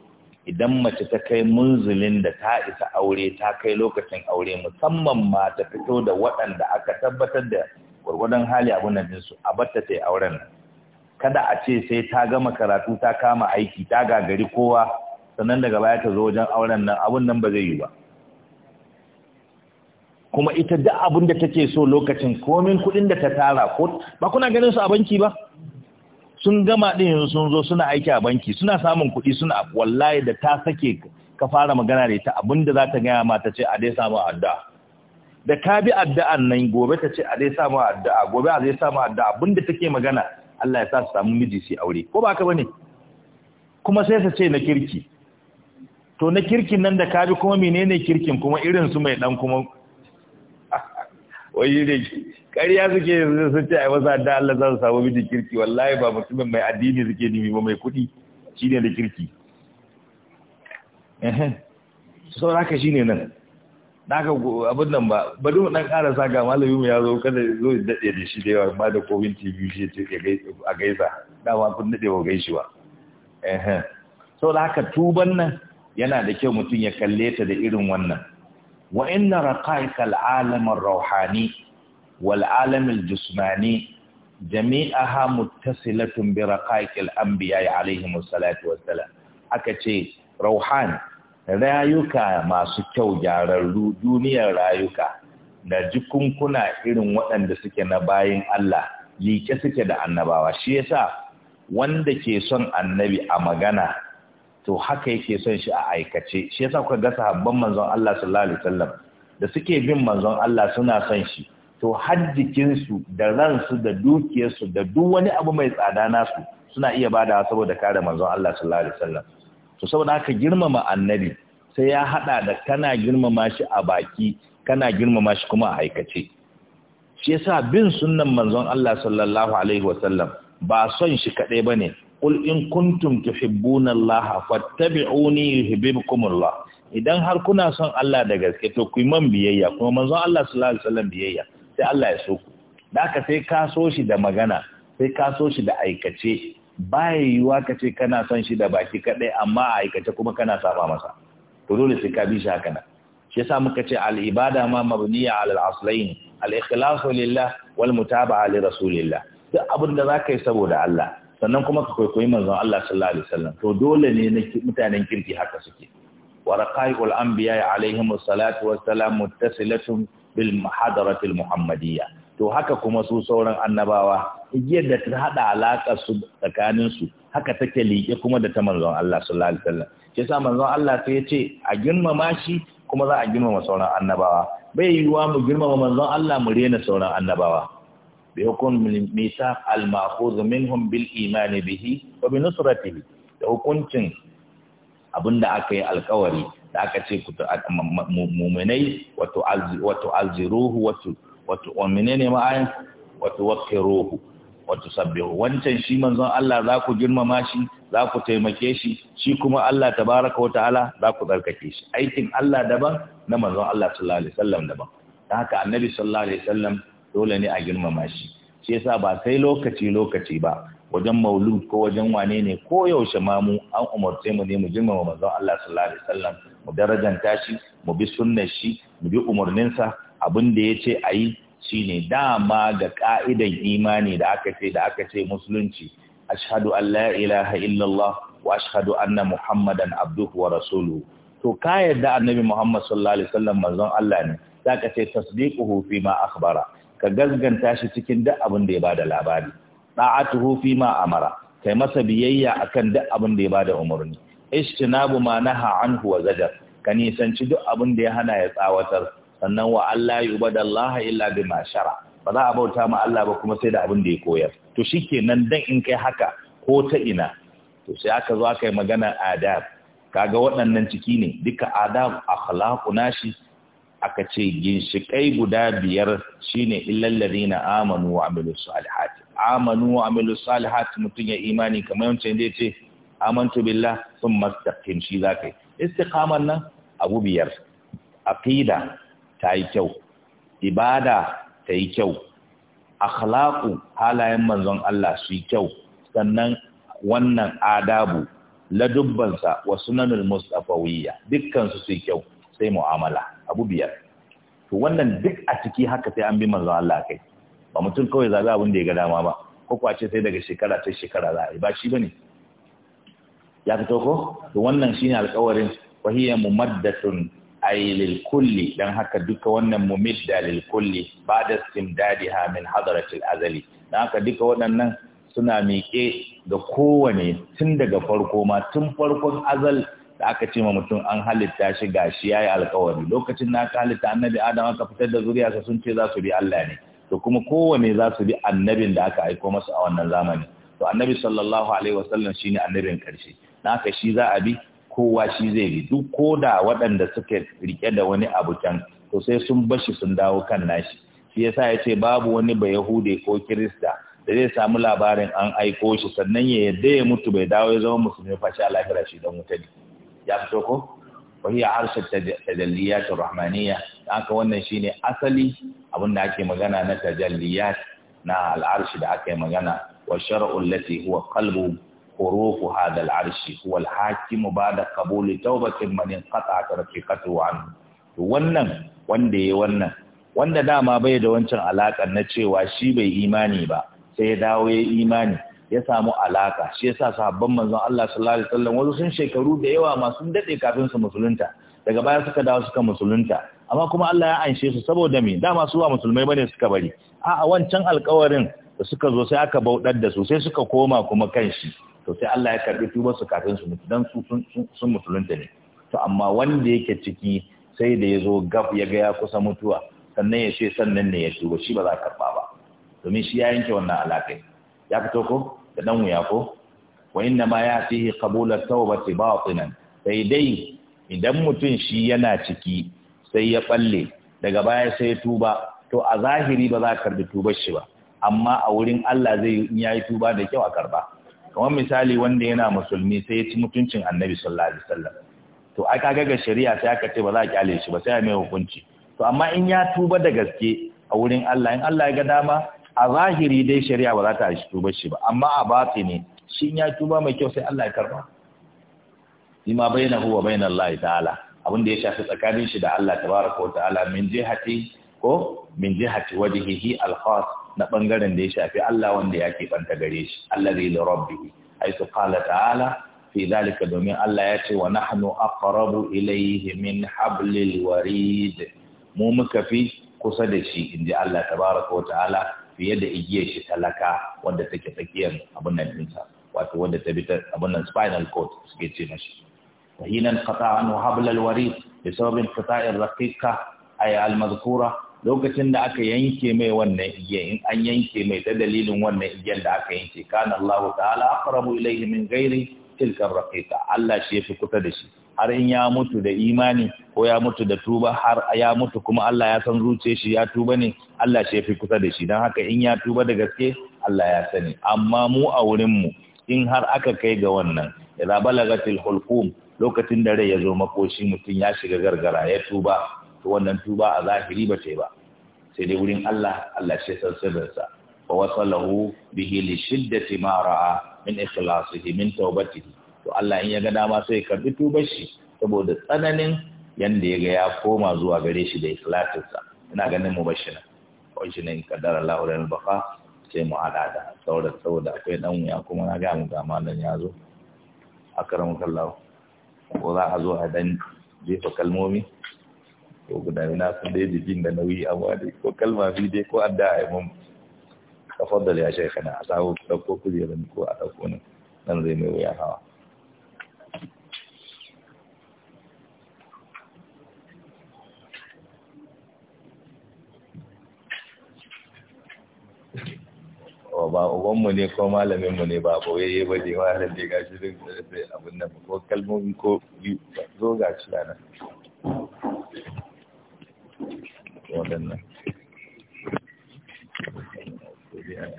idan mace ta kai munzulin da ta isa aure ta kai lokacin aure musamman ma ta fito da waɗanda aka tabbatar da gwargwadon hali abin nan su a batta ta yi auren nan kada a ce sai ta gama karatu ta kama aiki ta gagari kowa sannan daga baya ta zo wajen auren nan abun nan ba zai yi ba kuma ita duk abin da take so lokacin komin kuɗin da ta tara ko ba kuna ganin su a banki ba sun gama yanzu sun zo suna aiki a banki suna samun kuɗi suna wallahi da ta sake ka fara magana da ita da za ta gaya ma ta ce a dai samu addu'a da ka bi addu'an nan gobe ta ce a dai samu addu'a gobe a zai samu addu'a abinda take magana Allah ya sa su samu miji su aure ko ba ka bane kuma sai su ce na kirki to na kirkin nan da kabi kuma menene kirkin kuma irin su mai dan kuma *laughs* wai ne kariya suke su ce ai wasa da Allah za su samu miji kirki wallahi ba mutumin mai addini suke nimi ba mai kuɗi shine da kirki eh saboda haka shine nan Na ga abin nan ba bari mu dan ƙara saka malami mu ya zo kada zo ya dade da shi da yawa ba da kowin tv shi ce a gaisa da ma kun dade wa gaishi ba eh so da haka tuban nan yana da kyau mutum ya kalle ta da irin wannan wa inna raqaikal alam ar-ruhani wal alam al-jismani jami'aha muttasilatun bi raqaik anbiya salatu wassalam aka ce rauhani rayuka masu kyau gyararru duniyar rayuka da jikunkuna irin waɗanda suke na bayin Allah liƙe suke da annabawa shi yasa wanda ke son annabi a magana to haka yake son shi a aikace shi yasa kuka gasa sahabban manzon Allah sallallahu alaihi wasallam da suke bin manzon Allah suna son shi to har su da ransu da dukiyarsu da duk wani abu mai tsada nasu suna iya bada saboda kare manzon Allah sallallahu alaihi wasallam to saboda haka girmama annabi sai ya hada da kana girmama shi a baki kana girmama shi kuma a aikace shi yasa bin sunnan manzon Allah sallallahu alaihi wasallam ba son shi kadai bane qul in kuntum tuhibbuna Allah fattabi'uni yuhibbukumullah idan har kuna son Allah da gaske to ku man biyayya kuma manzon Allah sallallahu alaihi wasallam biyayya sai Allah ya so ku da sai ka so shi da magana sai ka so shi da aikace baya yiwuwa ka ce kana son shi da baki kaɗai amma a aikace kuma kana saba masa to dole sai ka bi shi haka nan shi yasa muka ce al ibada ma mabniya ala al aslain al ikhlasu lillah wal mutaba'a li rasulillah duk abin da zaka yi saboda Allah sannan kuma ka kwaikwayi manzon Allah sallallahu alaihi wasallam to dole ne na mutanen kirki haka suke wa raqaiqul anbiya alaihimus salatu wassalam muttasilatun bil mahadaratil muhammadiyya to haka kuma su sauran annabawa igiyar da ta hada alaka su tsakanin su haka take liƙe kuma da ta manzon Allah sallallahu alaihi wasallam shi yasa manzon Allah sai ya ce a girmama shi kuma za a girmama sauran annabawa bai yiwuwa mu girmama manzon Allah mu rena sauran annabawa bi hukun misa al ma'khuz minhum bil iman bihi wa bi nusratihi da hukuncin abinda aka yi alkawari da aka ce ku mu'minai wato alziruhu wato wato oh, menene ma ayan wato waqiruhu wato sabbihu wancan shi manzon Allah za ku girmama shi za ku taimake shi shi kuma Allah baraka wa ta'ala za ku tsarkake shi aikin Allah daban na manzon Allah sallallahu alaihi wasallam daban dan haka annabi sallallahu alaihi wasallam dole ne a girmama shi shi yasa ba sai lokaci lokaci ba wajen maulud ko wajen wane ne ko yaushe ma mu an umarce mu ne mu girmama manzon Allah sallallahu alaihi wasallam mu darajanta shi mu bi sunnar shi mu bi umarninsa abin da ya ce a yi shi ne dama ga ƙa'idan imani da aka ce da aka ce musulunci ashadu Allah ilaha illallah wa ashadu anna muhammadan abduhu wa rasulu to ka yadda annabi muhammad sallallahu alaihi wasallam manzon Allah ne za ka ce tasdiquhu fi ma akhbara ka gazganta shi cikin duk abin da ya bada labari da'atuhu fi ma amara kai masa biyayya akan duk abin da ya bada umarni ishtinabu ma naha anhu wa zajar ka nisanci duk abin da ya hana ya tsawatar sannan wa Allah yubadallaha illa bima shara ba za a bauta ma Allah ba kuma sai da abin da ya koyar to nan dan in kai haka ko ta ina to sai aka zo aka yi magana adab kaga waɗannan ciki ne duka adab akhlaqu nashi aka ce ginshiƙai guda biyar shine illal ladina amanu wa amilus salihati amanu wa amilus salihati mutun ya imani kamar yance inda yace amantu billah thumma istaqim shi zakai istiqaman nan abu biyar aqida ta yi kyau ibada ta yi kyau akhlaqu halayen manzon Allah su yi kyau sannan wannan adabu ladubbansa wa sunanul mustafawiyya dukkan su su yi kyau sai mu'amala abu biyar to wannan duk a ciki haka sai an bi manzon Allah kai ba mutum kawai zabi abin da ya ga dama ba ko ce sai daga shekara ta shekara za a yi ba shi bane ya fito ko to wannan shine alƙawarin wahiya mumaddatun ai lil kulli dan haka duka wannan mumidda da kulli ba'da ha min hadratil azali dan haka duka waɗannan suna miƙe ga kowane tun daga farko ma tun farkon azal da aka ce ma mutum an halitta shi ga ya yayi alƙawari lokacin na ka halitta annabi adam aka fitar da sa sun ce za su bi Allah ne to kuma kowane za su bi annabin da aka aiko masu a wannan zamani to annabi sallallahu alaihi wasallam shine annabin karshe na aka shi za a bi kowa shi zai bi duk ko da waɗanda suka rike da wani abu can to sai sun bashi sun dawo kan nashi shi yasa ya ce babu wani ba yahude ko kirista da zai samu labarin an aiko shi sannan ya yadda ya mutu bai dawo ya zama musulmi fashi a lahira shi don wuta ne ya fito ko wahiya harshen tajalliyat rahmaniya haka wannan shine asali abin da ake magana na tajalliyat na al'arshi da aka yi magana wa shar'u allati huwa qalbu حروف هذا العرش هو الحاكم بعد قبول توبة من انقطع ترقيقته عنه wannan wanda yayi wannan wanda dama bai da wancan alaka na cewa shi bai imani ba sai ya dawo ya imani ya samu alaka shi yasa sahabban manzon Allah sallallahu alaihi wasallam wasu sun shekaru da yawa masu daɗe dade kafin su musulunta daga baya suka dawo suka musulunta amma kuma Allah ya anshe su saboda me dama su ba musulmai bane suka bari a'a wancan alƙawarin da suka zo sai aka bauɗar da su sai suka koma kuma kan shi to sai Allah ya karbi tubar su kafin su mutu dan su sun musulunta ne to amma wanda yake ciki sai da ya zo ya ga ya kusa mutuwa sannan ya ce sannan ne ya tuba shi ba za ka karba ba domin shi ya yanke wannan alaƙai ya fito ko da dan wuya ko wa inna ma ya fihi qabula tawbati batinan sai dai idan mutum shi yana ciki sai ya balle daga baya sai ya tuba to a zahiri ba za ka karbi tubar shi ba amma a wurin Allah zai in yayi tuba da kyau a karba kamar misali wanda yana musulmi sai ya ci mutuncin annabi sallallahu alaihi wasallam to ai kaga ga shari'a sai aka ce ba za a kyale shi ba sai a mai hukunci to amma in ya tuba da gaske a wurin Allah in Allah ya ga dama a zahiri dai shari'a ba za ta shi tuba shi ba amma a batini shi in ya tuba mai kyau sai Allah ya karba lima bainahu wa bainal Allah ta'ala abin da ya shafi tsakanin shi da Allah tabaraka wa ta'ala min jihati ko min jihati wajhihi al khass na ɓangaren da ya shafi Allah wanda ya banta gare shi da li rabbihi aisu qala ta'ala fi zalika domin Allah ya ce wa nahnu aqrabu ilayhi min hablil warid mu muka fi kusa da shi inji Allah tabaraka ko ta'ala fiye da igiyar shi talaka wanda take tsakiyar abun nan dinsa wato wanda ta bi ta abun nan spinal cord suke ce mashi hannu انقطع warid حبل الوريد بسبب انقطاع الرقيقة أي المذكورة lokacin da aka yanke mai wannan igiya in an yanke mai ta dalilin wannan igiyar da aka yanke kana allahu ta'ala aqrabu ilayhi min ghairi tilka raqiqa Allah shi yafi kusa da shi har in ya mutu da imani ko ya mutu da tuba har ya mutu kuma Allah ya san zuciyar shi ya tuba ne Allah shi yafi kusa da shi dan haka in ya tuba da gaske Allah ya sani amma mu a wurin mu in har aka kai ga wannan idza balagatil hulqum lokacin da rai ya zo makoshi mutum ya shiga gargara ya tuba to wannan tuba a zahiri ba ce ba sai dai wurin Allah Allah shi san sirrinsa wa wasallahu bihi li shiddati ma ra'a min ikhlasihi min tawbatihi to Allah in ya ga dama sai bi tubar shi saboda tsananin yanda ya ga ya koma zuwa gare shi da ikhlasinsa ina ganin mu bashina kawai shi ne in kadara Allahu lana baqa sai mu hada da saboda saboda akwai dan wuya kuma na ga mu ga malan ya zo akramukallahu ko za a zo a dan jefa kalmomi ko guda na san dai jikin da nauyi amma dai ko kalma biyu dai ko adda a yi ka tafaddal ya shaikha na a samu ko kujerar ko a ɗauko nan nan zai mai wuya hawa ba mu ne ko malamin mu ne ba boyayye ba ne malam da gashi sai abin nan ko kalmomi ko zo ga shi nan waɗannan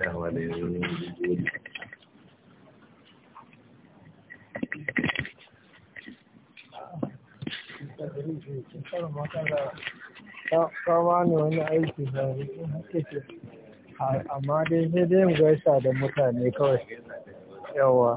kama ne wani aiki da amma dai sai dai mu gaisa da mutane kawai yawa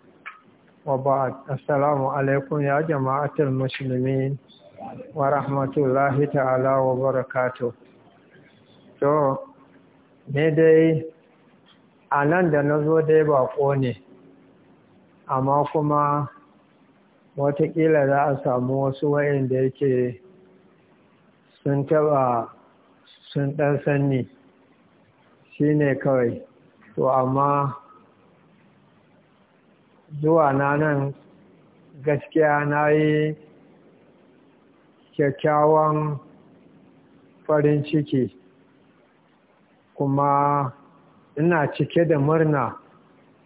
وبعد السلام عليكم يا جماعة المسلمين ورحمة الله تعالى وبركاته to ne dai a da na zo dai bako ne amma kuma watakila za a samu wasu wayanda yake sun taba sun ɗan sanni shine kawai to amma zuwa na nan gaskiya na yi kyakkyawan farin ciki kuma ina cike da murna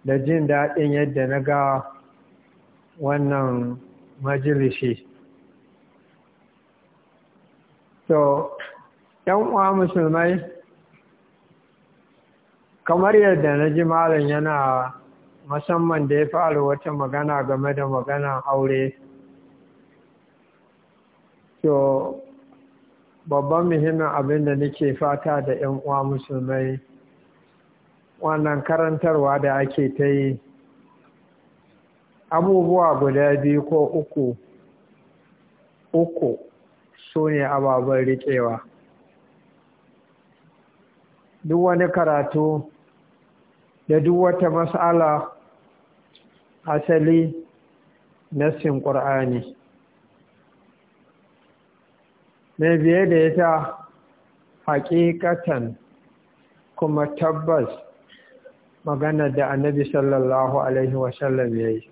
da jin daɗin yadda na ga wannan majalisi. To, ‘yan uwa musulmai, kamar yadda na ji malam yana musamman da ya faru wata magana game da maganan aure to babban muhimmin abin da nake fata da 'yan uwa musulmai wannan karantarwa da ake ta yi abubuwa guda biyu ko uku uku su ne ababen riƙewa duk wani karatu da duk wata masala asali nassin ƙur'ani mai biye da ita haƙiƙatan kuma tabbas magana da annabi sallallahu alaihi wasallam ya yi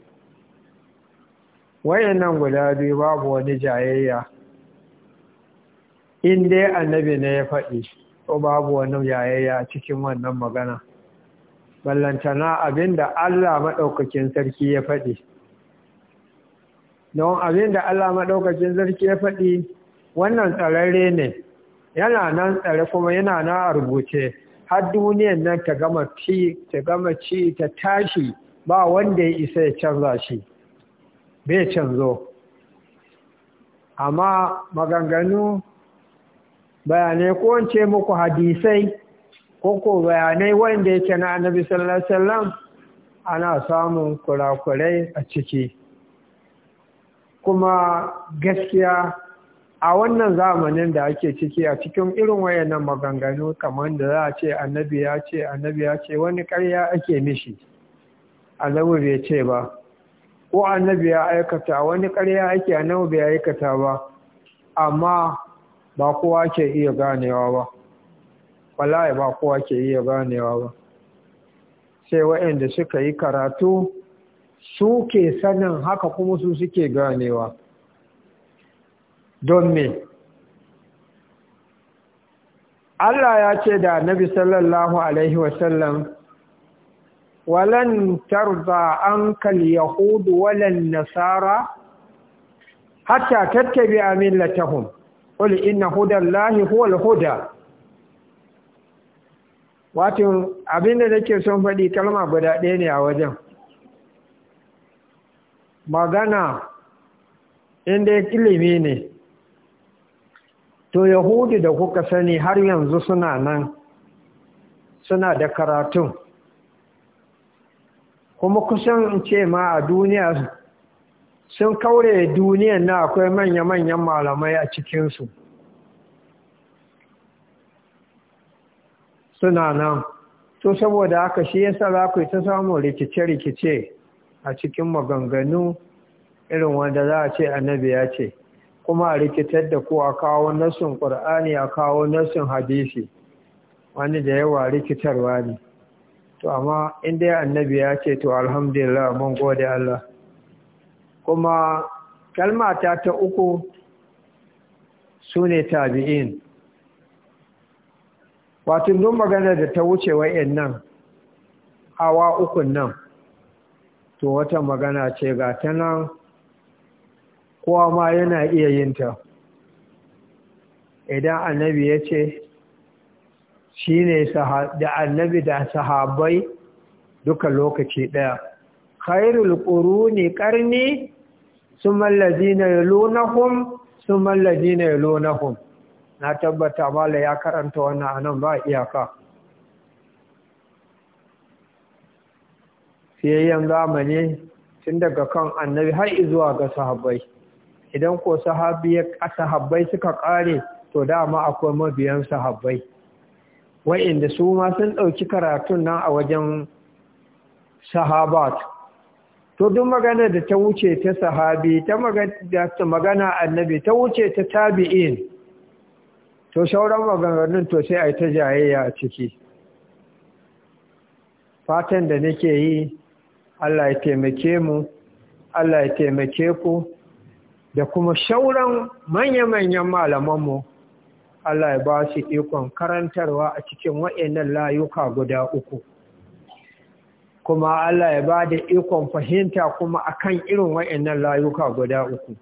wayannan guda biyu babu wani jayayya in dai annabi ne ya faɗi ko babu wani yayayya cikin wannan magana ballantana abinda Allah maɗaukakin sarki ya faɗi. Don abinda Allah maɗaukakin sarki ya faɗi wannan tsararre ne, yana nan tsare kuma yana nan a rubuce, har duniyan nan ta gama ci, ta gama ci, ta tashi ba wanda ya isa ya canza shi, bai canzo. Amma maganganu bayanai ko muku hadisai ko ko bayanai wanda yake na annabi sallallahu alaihi wasallam ana samun kurakurai a ciki kuma gaskiya a wannan zamanin da ake ciki a cikin irin wayannan maganganu kamar da za a ce annabi ya ce annabi ya ce wani ƙarya ake mishi annabi bai ce ba ko annabi ya aikata wani ƙarya ake annabi bai aikata ba amma ba kowa ke iya ganewa ba wallahi ba kowa ke iya ganewa ba sai waɗanda suka yi karatu su ke sanin haka kuma su suke ganewa don me Allah ya ce da Nabi sallallahu Alaihi wasallam walan tarza an kal yahudu walan nasara hatta tattabi amin millatahum qul inna hudallahi huwal huda wato abinda nake son faɗi kalma guda ɗaya ne a wajen magana inda ilimi ne to yahudi da kuka sani har yanzu suna nan suna da karatun kuma kusan in ce ma a duniya sun kaure duniyan na akwai manya-manyan malamai a cikinsu suna nan to saboda haka shi yasa za ku ta samun rikice-rikice a cikin maganganu irin wanda za a ce annabi ya ce kuma a rikitar da ku a kawo nasin ƙur'ani a kawo nasin hadisi wani da yawa rikitarwa ne to amma inda ya annabi ya ce to alhamdulillah mun gode Allah kuma kalmata ta uku su ne tabi'in wato don magana da ta wuce wa'in nan hawa ukun nan to wata magana ce ga ta nan kowa ma yana iya yin ta idan annabi ya ce shi ne da annabi da sahabai duka lokaci ɗaya khairul ƙuruni ƙarni Sun mallazi na yalonahun su mallazi na na tabbata mala ya karanta wannan anan ba iyaka siyayyen zamani tun daga kan annabi har zuwa ga sahabbai idan ko sahabi sahabbai suka kare to dama akwai mabiyan sahabbai wa'inda su ma sun ɗauki karatun nan a wajen sahabat to duk magana da ta wuce ta sahabi ta magana annabi ta wuce ta tabi'in to sauran maganganun to sai a yi ta jayayya a ciki fatan da nake yi Allah ya taimake mu Allah ya taimake ku da kuma shauran manya-manyan malamanmu Allah ya ba su ikon karantarwa a cikin wa'inan layuka guda uku kuma Allah ya ba da ikon fahimta kuma akan irin wa'inan layuka guda uku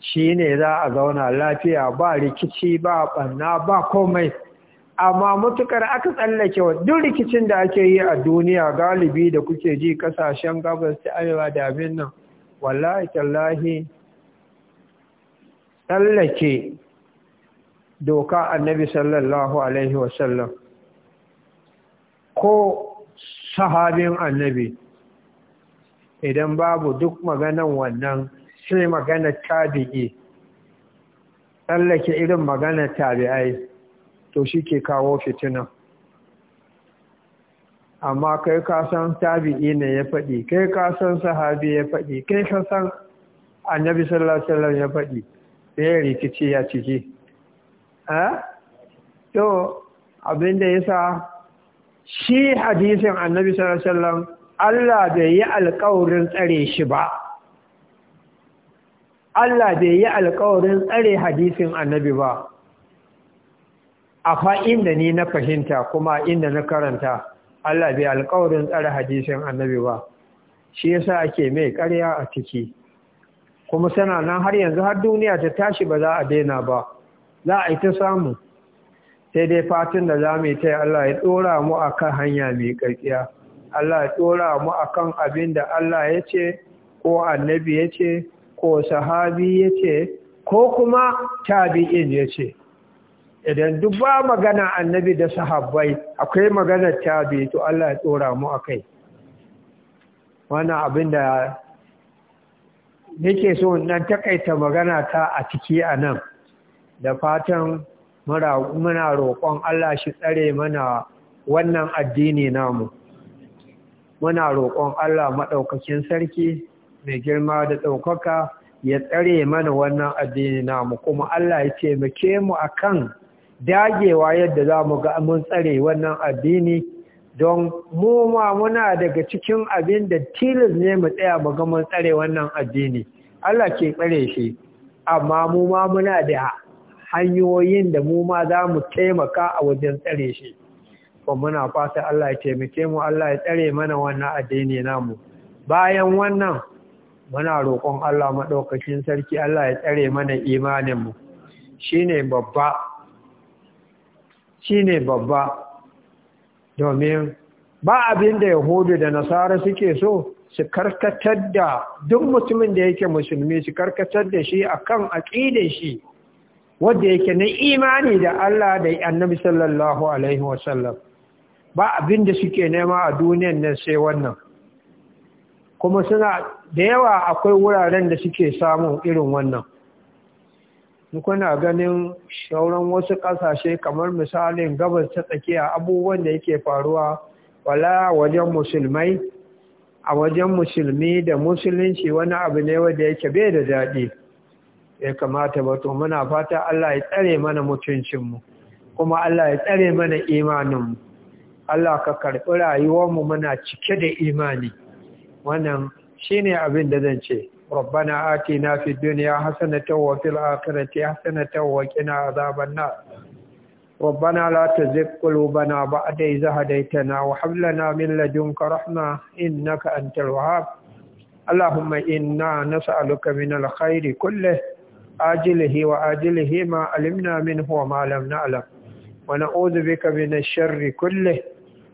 shi ne za a zauna lafiya ba rikici ba ɓanna ba komai amma mutukar aka tsallake wa duk rikicin da ake yi a duniya galibi da kuke ji kasashen gabas ta arewa da abin nan wallahi tallahi tsallake doka annabi sallallahu alaihi wasallam ko sahabin annabi idan babu duk maganan wannan sai magana tabi'i tsallake irin magana tabi'ai to shi ke kawo fitina amma kai ka san tabi'i ne ya faɗi kai kasan sahabi ya faɗi kai ka san annabi sallallahu alaihi ya faɗi sai rikici ya ciki to abin da sa shi hadisin annabi sallallahu alaihi Allah bai yi alkawarin tsare shi ba Allah bai yi alkawarin tsare hadisin annabi ba a fa'in da ni na fahimta kuma inda na karanta Allah bai alkawarin tsare hadisin annabi ba shi yasa ake mai ƙarya a ciki kuma sana nan har yanzu har duniya ta tashi ba za a daina ba za a yi ta samu sai dai fatin da za mu yi Allah ya ɗora mu a kan hanya mai ƙarƙiya Allah ya ɗora mu a kan abin da Allah ya ce ko annabi ya ce ko sahabi ya ko kuma tabi'in ya ce idan duk ba magana annabi da sahabbai akwai magana tabi to Allah ya tsora mu akai wannan abin da nake so nan takaita magana ta a ciki a nan da fatan muna roƙon Allah shi tsare mana wannan addini namu muna roƙon Allah maɗaukakin sarki mai girma da ɗaukaka ya tsare mana wannan addini namu kuma Allah ya taimake mu a kan dagewa yadda za mu ga mun tsare wannan addini don mu ma muna daga cikin abin da tilis ne mu tsaya mu ga mun tsare wannan addini Allah ke tsare shi amma mu ma muna da hanyoyin da mu ma za mu taimaka a wajen tsare shi ko muna fata Allah ya taimake mu Allah ya tsare mana wannan addini namu bayan wannan muna roƙon Allah maɗaukacin sarki Allah ya tsare mana imaninmu shi ne babba shi ne babba domin ba abin da yahudu da nasara suke so su karkatar da duk mutumin da yake musulmi su karkatar da shi akan aƙidar shi wadda yake na imani da Allah da annabi sallallahu alaihi wasallam ba abin da suke nema a duniyan nan sai wannan kuma suna da yawa akwai wuraren da suke samun irin wannan kuna ganin shauran wasu ƙasashe kamar misalin gabas ta tsakiya abubuwan da yake faruwa wala wajen musulmai a wajen musulmi da musulunci wani abu ne wanda yake bai da daɗi ya kamata ba to muna fata Allah ya tsare mana mutuncinmu kuma Allah ya tsare mana imaninmu Allah ka karɓi rayuwarmu muna cike da imani wannan shi ne abin da zan ce rabbana ati na fi duniya hasanatan wa fil akhirati hasanatan wa qina azaban nar rabbana la tuzigh qulubana ba'da idh hadaytana wa hab lana min ladunka rahma innaka antal wahhab allahumma inna nas'aluka min al khairi kullihi ajilihi wa ajilihi ma alimna minhu wa ma lam na'lam wa na'udhu bika min ash-sharri kulle?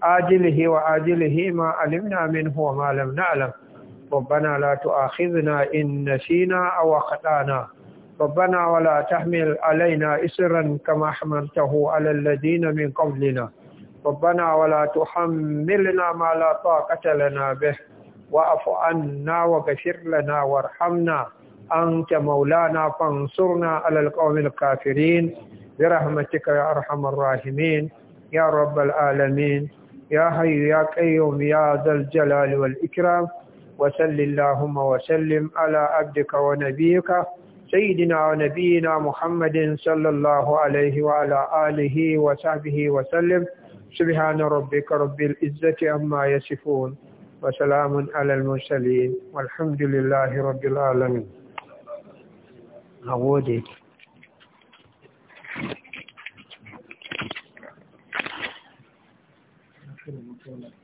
آجله وآجله ما علمنا منه وما لم نعلم ربنا لا تؤاخذنا إن نسينا أو خطانا ربنا ولا تحمل علينا إسرا كما حملته على الذين من قبلنا ربنا ولا تحملنا ما لا طاقة لنا به واعف عنا وغفر لنا وارحمنا أنت مولانا فانصرنا على القوم الكافرين برحمتك يا أرحم الراحمين يا رب العالمين يا حي يا قيوم يا ذا الجلال والإكرام وسل اللهم وسلم على عبدك ونبيك سيدنا ونبينا محمد صلى الله عليه وعلى آله وصحبه وسلم سبحان ربك رب العزة عما يصفون وسلام على المرسلين والحمد لله رب العالمين أعوذ ಇದೆ ಮೇಡಮ್